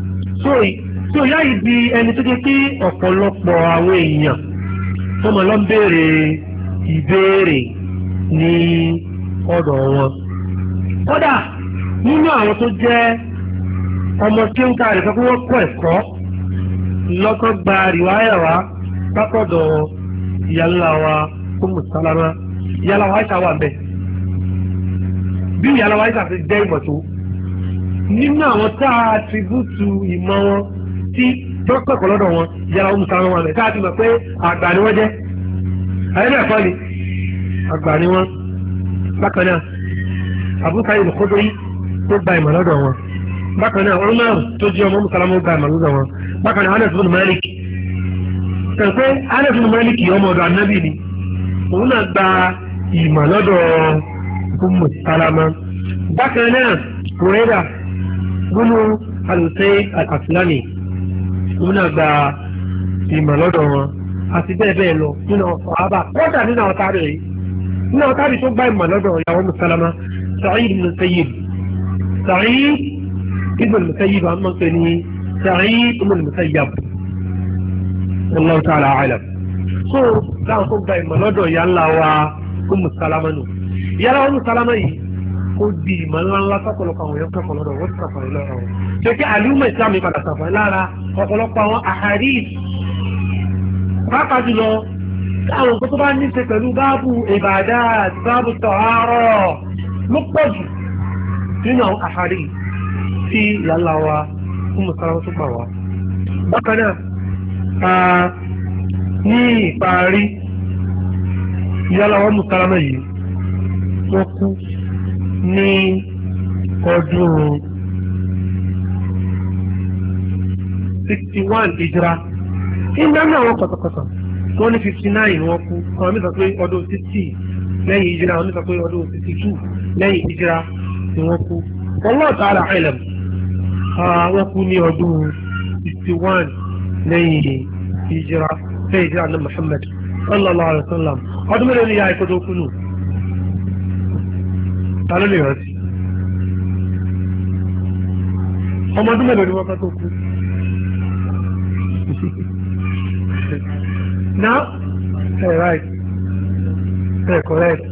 so ìyá yìí di ẹni tó jẹ́ pé ọ̀pọ̀lọpọ̀ àwọn èèyàn wọ́n máa lọ ń béèrè ìbéèrè ní ọ̀dọ̀ wọn. kódà nínú àwọn tó jẹ́ ọmọ tí ó ń ka àrẹ̀kọ́ pé wọ́n kọ́ ẹ̀kọ́ lọ́kọ́ gba rìwáyà wá látọ̀dọ̀ ìyàlá wa Ummu Salama ìyàlá wa Aisha wà bẹ́ẹ̀. bí ìyàlá wa Aisha ti jẹ́ ìmọ̀ tó nínú àwọn tá a ti bùtù ìmọ̀ wọn tí tó kẹ́kọ̀ọ́ lọ́dọ̀ wọn yàrá wọn musa wọn mẹ́ta àti mọ̀ pé àgbà ni wọ́n jẹ́ ayélujára ni ni gba ìmọ̀ lọ́dọ̀ wọn bákan na ọ̀run náà tó ọmọ musalamu gba wọn na Anas bin Malik pẹ̀pẹ́ Anas bin Malik ọmọ ọ̀dọ̀ anábì ni òun gba ìmọ̀ lọ́dọ̀ Ummu òun náà gba ìmọ̀ lọ́dọ̀ wọn àti bẹ́ẹ̀ bẹ́ẹ̀ lọ nínú ọkọ̀ àbá kọ́dà nínú àwọn tábì rẹ̀ nínú àwọn tábì tó gba ìmọ̀ lọ́dọ̀ ìyàwó mùsàlámà Sa'id ibn Musayyib Sa'id ibn Musayyib àwọn máa ń pè ní Sa'id ibn Musayyab Allahu ta'ala so láwọn tó gba ìmọ̀ lọ́dọ̀ ìyá ńlá wa Ummu Salama nù ìyá ńlá wa Ummu yìí ó di ìmọ̀ ńlá ńlá tọ́pọ̀lọpọ̀ àwọn èèyàn kẹ́kọ̀ọ́ lọ́dọ̀ wọ́n ti sàfàì lára wọn. ṣé kí àlùmọ̀ ìsìlámù ìpadà sàfàì lára ọ̀pọ̀lọpọ̀ àwọn àhárí pàápàá jùlọ táwọn nǹkan tó bá ní ṣe pẹ̀lú báàbù ìbàdà báàbù tọ̀hárọ̀ ló pọ̀ jù nínú àwọn àhárí tí ìyàlá wa fún mùsàlámù tó gbà wá. bákan náà ní ìparí ìyàlá wa mùsàlámù yìí wọ́n kú ní ọdún sixty one ìjìrá ìgbà náà wọ́n kọ̀tọ̀kọ̀tọ̀ wọ́n ní fifty nine wọ́n kú àwọn mi sọ pé ọdún sixty lẹ́yìn ìjìrá àwọn mi pé ọdún sixty two lẹ́yìn ìjìrá ni wọ́n kú ọlọ́ọ̀tà ara ẹlẹ̀mù wọ́n kú ní ọdún sixty one lẹ́yìn ìjìrá fẹ́ ìjìrá ní Muhammad sallallahu alayhi wa sallam ọdún mélòó ni yáa ikú tó kú nù ta ló lè rántí ọmọ ọdún mẹ́lẹ̀ ni wọ́n fẹ́ tó kú
now
ẹ right ẹ correct.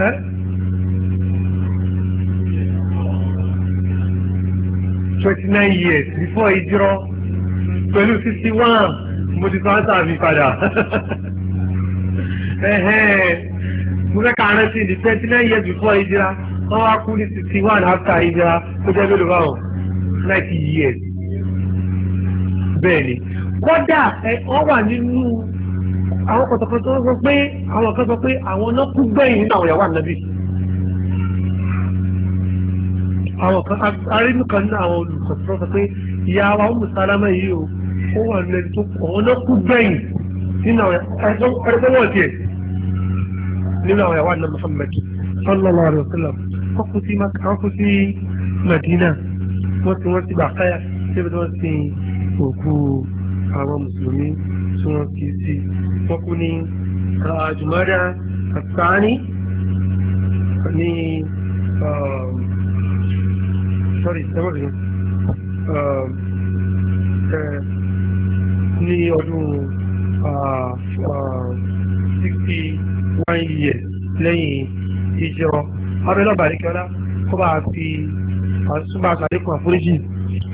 Huh? Twenty nine years before Ijiro pẹ̀lú fifty one. mo ti transfer mi fada mo fẹ́ kàánà sí ní twenty nine years before ìjìra ọ wá kú ní one after ìjìra ó jẹ́ ninety years bẹ́ẹ̀ wà nínú àwọn kọ̀tọ̀kọ̀tọ̀ sọ pé àwọn kan sọ pé àwọn náà kú nínú àwọn ìyàwó ànábì àwọn kan arínú kan nínú àwọn sọ wa ó mú ó wà lẹ́nu tó kọ̀ ọ́ náà kú gbẹ̀yìn nínú àwọn ẹ̀rọ wọ̀ tiẹ̀ nínú àwọn ẹ̀wà náà Muhammad sallallahu alayhi wa sallam wọ́n kú sí wọ́n kú sí Madina wọ́n ti wọ́n ti bà káyà síbi tí wọ́n ti òkú àwọn mùsùlùmí tí wọ́n kì sí wọ́n kú ní àjùmọ́dá àtàní ní sorry, sorry. Um, ní ọdún ah, ah, sixty one years lẹ́yìn ìjọ abẹ́lẹ́ ọ̀bàdìkọ́lá kó bá a fi àtúbà àtàlékún àforíjì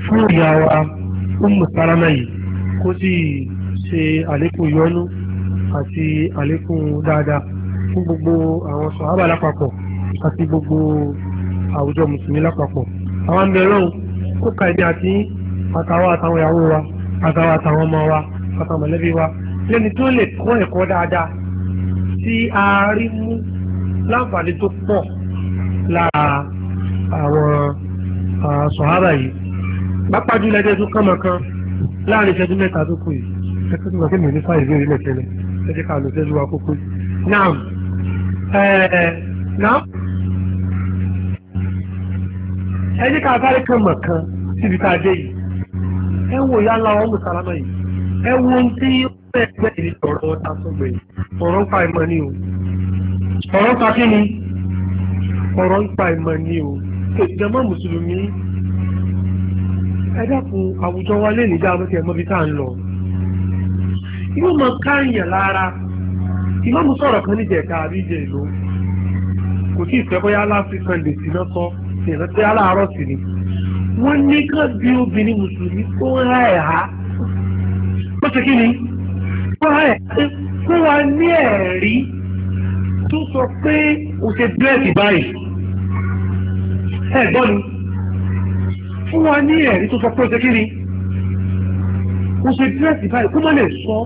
fún ìyá wa Ummu Salama yìí kó sì ṣe àlékún ìyọ́nú àti àlékún dáadáa fún gbogbo àwọn sọ̀hábà lápapọ̀ àti gbogbo àwùjọ mùsùlùmí lápapọ̀ àwọn abẹ́rẹ́ òun kó ka ẹ̀dẹ́ àti àtàwọn àtàwọn ìyàwó wa àtàwọn àtàwọn ọmọ wa àtàwọn mọ̀lẹ́bí wa lẹ́ni tó lè kọ́ ẹ̀kọ́ dáadáa tí a rí mú láǹfààní tó pọ̀ lára àwọn sọ̀hábà yìí pápá jùlọ ẹgbẹ́ tó kàn mọ̀kan láàrin ìṣẹ́jú mẹ́ta tó kù yìí ẹgbẹ́ tó kàn mí ní fáìlì ìbéèrè mẹ́tẹ́lẹ̀ ẹgbẹ́ kà ló fẹ́ lu akókó náà náà ẹgbẹ́ kà sáré kàn mọ̀kan síbi tá a dé yìí. E wò ìyá nla wọn mùsàlámà yìí ẹ wo tí bẹ́ẹ̀ ń pa ìmọ̀ ni o ọ̀rọ̀ ń pa kí ni ọ̀rọ̀ ń pa ni o ìjọba mùsùlùmí ẹ àwùjọ wa lè nígbà nke ẹ̀mọ́ tá à ń lọ yóò mọ káyàn lára ìmáàmù kan ìlú sọ wọ́n ní kán bí obìnrin mùsùlùmí kó ra ẹ̀há ó ṣe kí ni kó ra ẹ̀há kó wa ní ẹ̀rí tó sọ pé o ṣe dírẹ́sì báyìí ẹ̀ gbọ́ ni fún wa ní ẹ̀rí tó sọ pé o ṣe kí ni o ṣe dírẹ́sì báyìí kó má lè sọ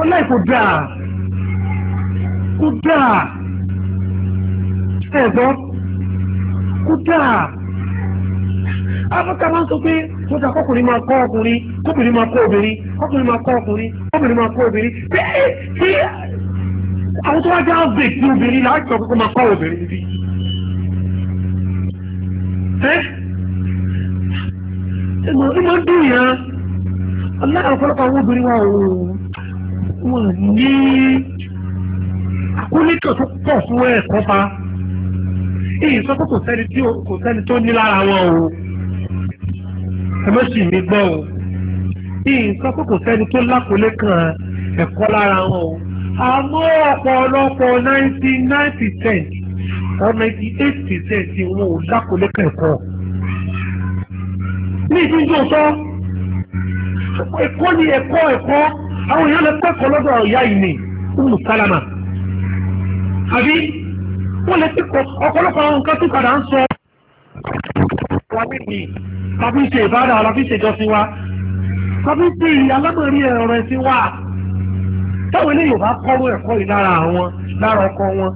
ọ láì kó dáa kó dáa ẹ̀ gbọ́ kó dáa. abúkà máa ń sọ pé sọ́jà kọkùnrin máa kọ́ ọkùnrin kọkùnrin máa kọ́ obìnrin kọkùnrin máa kọ́ ọkùnrin kọkùnrin máa kọ́ obìnrin pé pé àwọn tó wá já ọ̀gbẹ̀ tí obìnrin là sọ kókó máa kọ́ obìnrin sí. ẹ ẹ máa ń dùn yẹn aláàrọ̀ ọ̀pọ̀lọpọ̀ àwọn obìnrin wa ò wọ́n ní akólítọ̀ tó fún èyí sọ pé kò tó ẹ má sì mí gbọ́ o bí nǹkan kókò sẹ́ni tó lákòólé kan ẹ̀kọ́ lára wọn o àmọ́ ọ̀pọ̀lọpọ̀ ninety nine percent or ninety eight percent wọn ò lákòólé kan ẹ̀kọ́ ní ìdíjú ọ̀tọ̀ ẹ̀kọ́ ni ẹ̀kọ́ ẹ̀kọ́ àwọn èèyàn lè kọ́ ẹ̀kọ́ lọ́dọ̀ ìyá yìí ni umu salama àbí wọ́n lè ti kọ́ ọ̀pọ̀lọpọ̀ àwọn nǹkan tó padà ń sọ. wa nídìí tàbí ṣe ìbára ṣe bá ẹ̀kọ́ yìí ọkọ wọn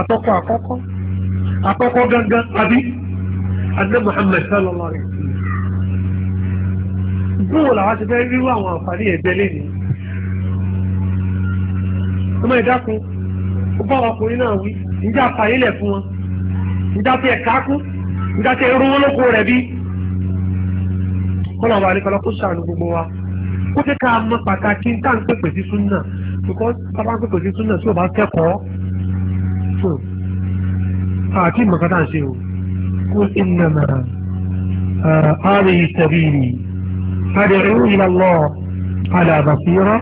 àtọkọ àkọ́kọ́ àkọ́kọ́ gangan àbí adé Muhammad sallallahu alayhi bóòlù àwọn ti fẹ́ rírú àwọn àǹfààní ẹ̀gbẹ́ lẹ́yìn ọmọ ìdákun ó bá ọkùnrin náà wí ìjà fàyílẹ̀ fún nígbà tí irú olóko rẹ̀ bí kọ́lọ̀ wà ní kọ́lọ́ kó ṣàánú gbogbo wa kó jẹ́ ká mọ pàtàkì tá à ń pèpè sí súnà kókó bàbá ń pèpè sí súnà tí ò bá kẹ́kọ̀ọ́ fún àti ìmọ̀ká tá à ń ṣe o kó ìnànà ààrẹ ìtẹ̀bìrì àdẹ̀rù ìlàlọ́ àlàbàfíra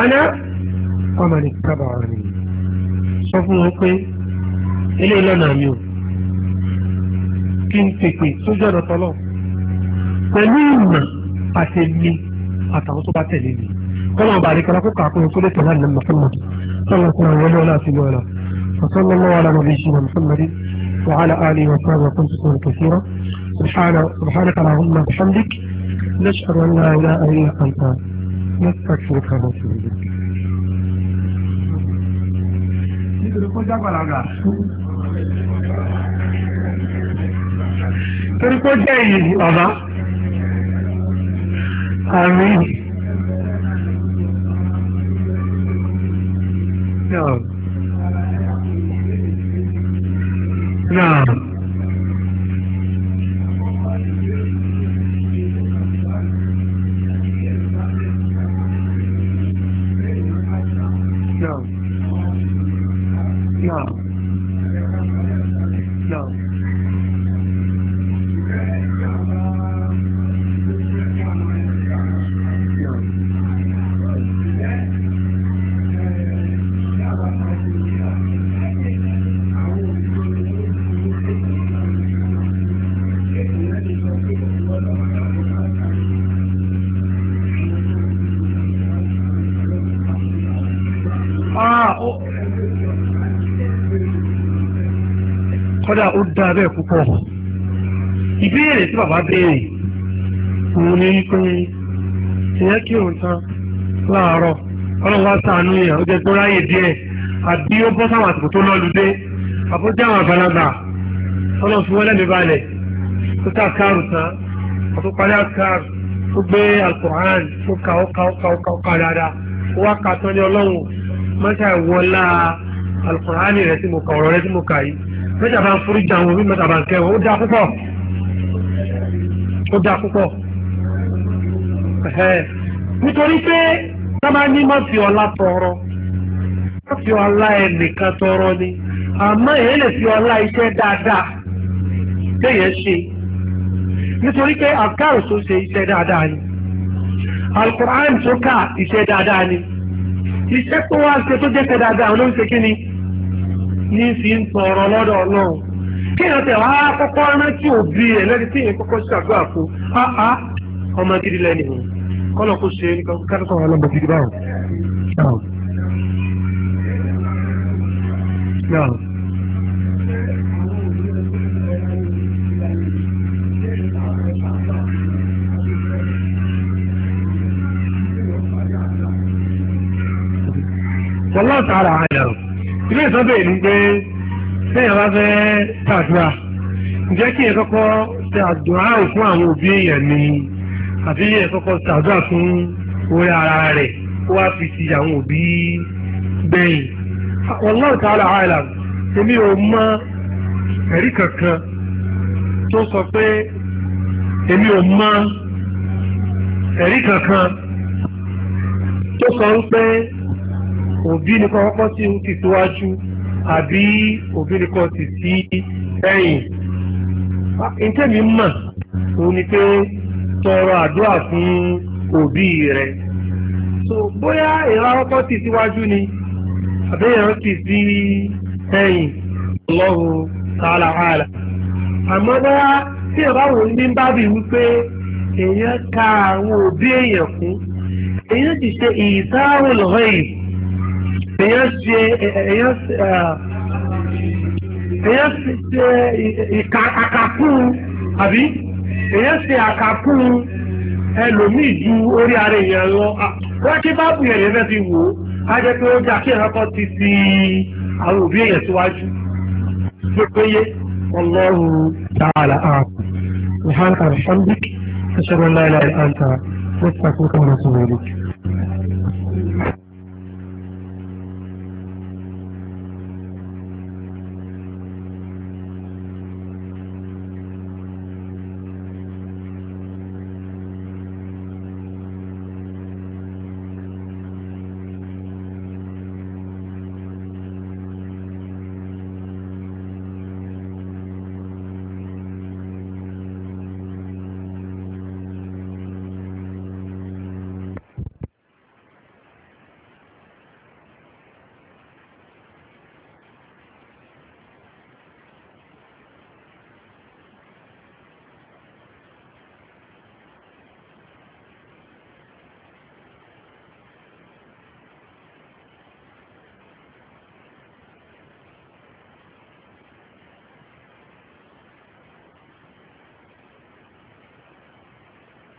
àná ọmọ nìkan bàrà ni sọ fún wọn pé ilé ìlànà mi o. kí n pèpè sójú ọ̀nà tọ́lọ̀ pẹ̀lú ìmọ̀ àti èmi àtàwọn tó bá tẹ̀lé mi kọ́nà àbàlẹ̀ kan kó kàkó yẹn kó lè tẹ̀lé àná mọ̀fẹ́mọ̀ sọ́nà kan àwọn ọlọ́ọ̀lá àti lọ́ọ̀lá وصلى الله على نبينا محمد وعلى اله وصحبه وسلم تسليما كثيرا سبحانك اللهم وبحمدك نشهد ان لا اله الا انت نستغفرك ونتوب اليك. torí pé ó jẹ́ ìyìn bàbá
àmì. Náà.
kọ̀. ìbéèrè tí bàbá béèrè òun ni wípé ìyẹn kí òun tán láàárọ̀ ọlọ́wọ́ sànú yẹn ó jẹ́ tó ráyè díẹ̀ àbí ó bọ́ sáwọn àsìkò tó lọ́ọ́ lùdé àbójá àwọn àgbàlagbà ọlọ́run fi wọ́n lẹ́mìí balẹ̀ tó ká káàrù tán àtó parí àkáàrù tó gbé alukur'an tó ka ó ka ó ka ó ka ó ka dáadáa ó wá ka tán ní ọlọ́run mọ́tà ìwọlá alukur'an rẹ̀ tí mo kà ọ̀rọ̀ rẹ̀ tí mo kà yìí mẹ́ta bá ń foríjì àwọn omi mẹ́ta bá ń kẹ́ wọn ó dáa púpọ̀ ó dáa púpọ̀ nítorí pé sábà ní má fi ọlá tọrọ má fi ọlá ẹnìkan tọrọ ni àmọ́ èyí lè fi ọlá iṣẹ́ dáadáa téèyàn ṣe nítorí pé àkàrò tó ṣe iṣẹ́ dáadáa ni alukur'an tó kà iṣẹ́ dáadáa ni iṣẹ́ tó wá ṣe tó jẹ́ ṣe dáadáa ló ń ṣe kí ni ní fi ń tọrọ lọ́dọ̀ náà kí èèyàn tẹ̀ wá kọ́kọ́ rántí òbí ẹ̀ lẹ́ni tí èèyàn kọ́kọ́ ṣàdúrà fún áá ọmọ gidi lẹ́nu kọ́nà kó ṣe kárìkọ́ wọn lọ́mọ gidi báwọn. والله تعالى اعلم ilé ìsọ́dọ̀ èyí ni pé sẹ́yìn bá fẹ́ tàdúrà ǹjẹ́ kí ẹ kọ́kọ́ ṣe àdúrà fún àwọn òbí èèyàn ni àbí ẹ kọ́kọ́ ṣe àdúrà fún orí ara rẹ̀ kó wá fi ti àwọn òbí gbẹ̀yìn. Wallahu ta'ala a'lam èmi ò mọ ẹ̀rí kankan tó sọ pé èmi ò mọ ẹ̀rí kankan tó sọ pé òbí nìkan kọ́kọ́ sí ti síwájú àbí òbí nìkan sì sí ẹ̀yìn. ìtẹ́mi mọ̀ òun ni pé tọrọ àdúrà fún òbí rẹ̀. so bóyá ìran kọ́kọ́ sì síwájú ni àbí ìran sì sí ẹ̀yìn lọ́wọ́ tààlà ààlà. àmọ́ bóyá tí ìran bá wò ní bábì wípé èèyàn ka àwọn òbí èèyàn kún èèyàn ti ṣe ìsáhùn lọ́yìn. E ya èyàn ṣe ìka àkàkùn àbí èyàn ju orí ara èèyàn lọ ah, wọ́n kí báàbù yẹn wò ó pé ó kan ti fi àwọn òbí èèyàn síwájú gbégbéyé ọlọ́run tààlà ààbò ìhànkà ìhànbíkì ẹ̀ṣẹ̀ rẹ̀ láìláì àǹtà ó ti pàṣẹ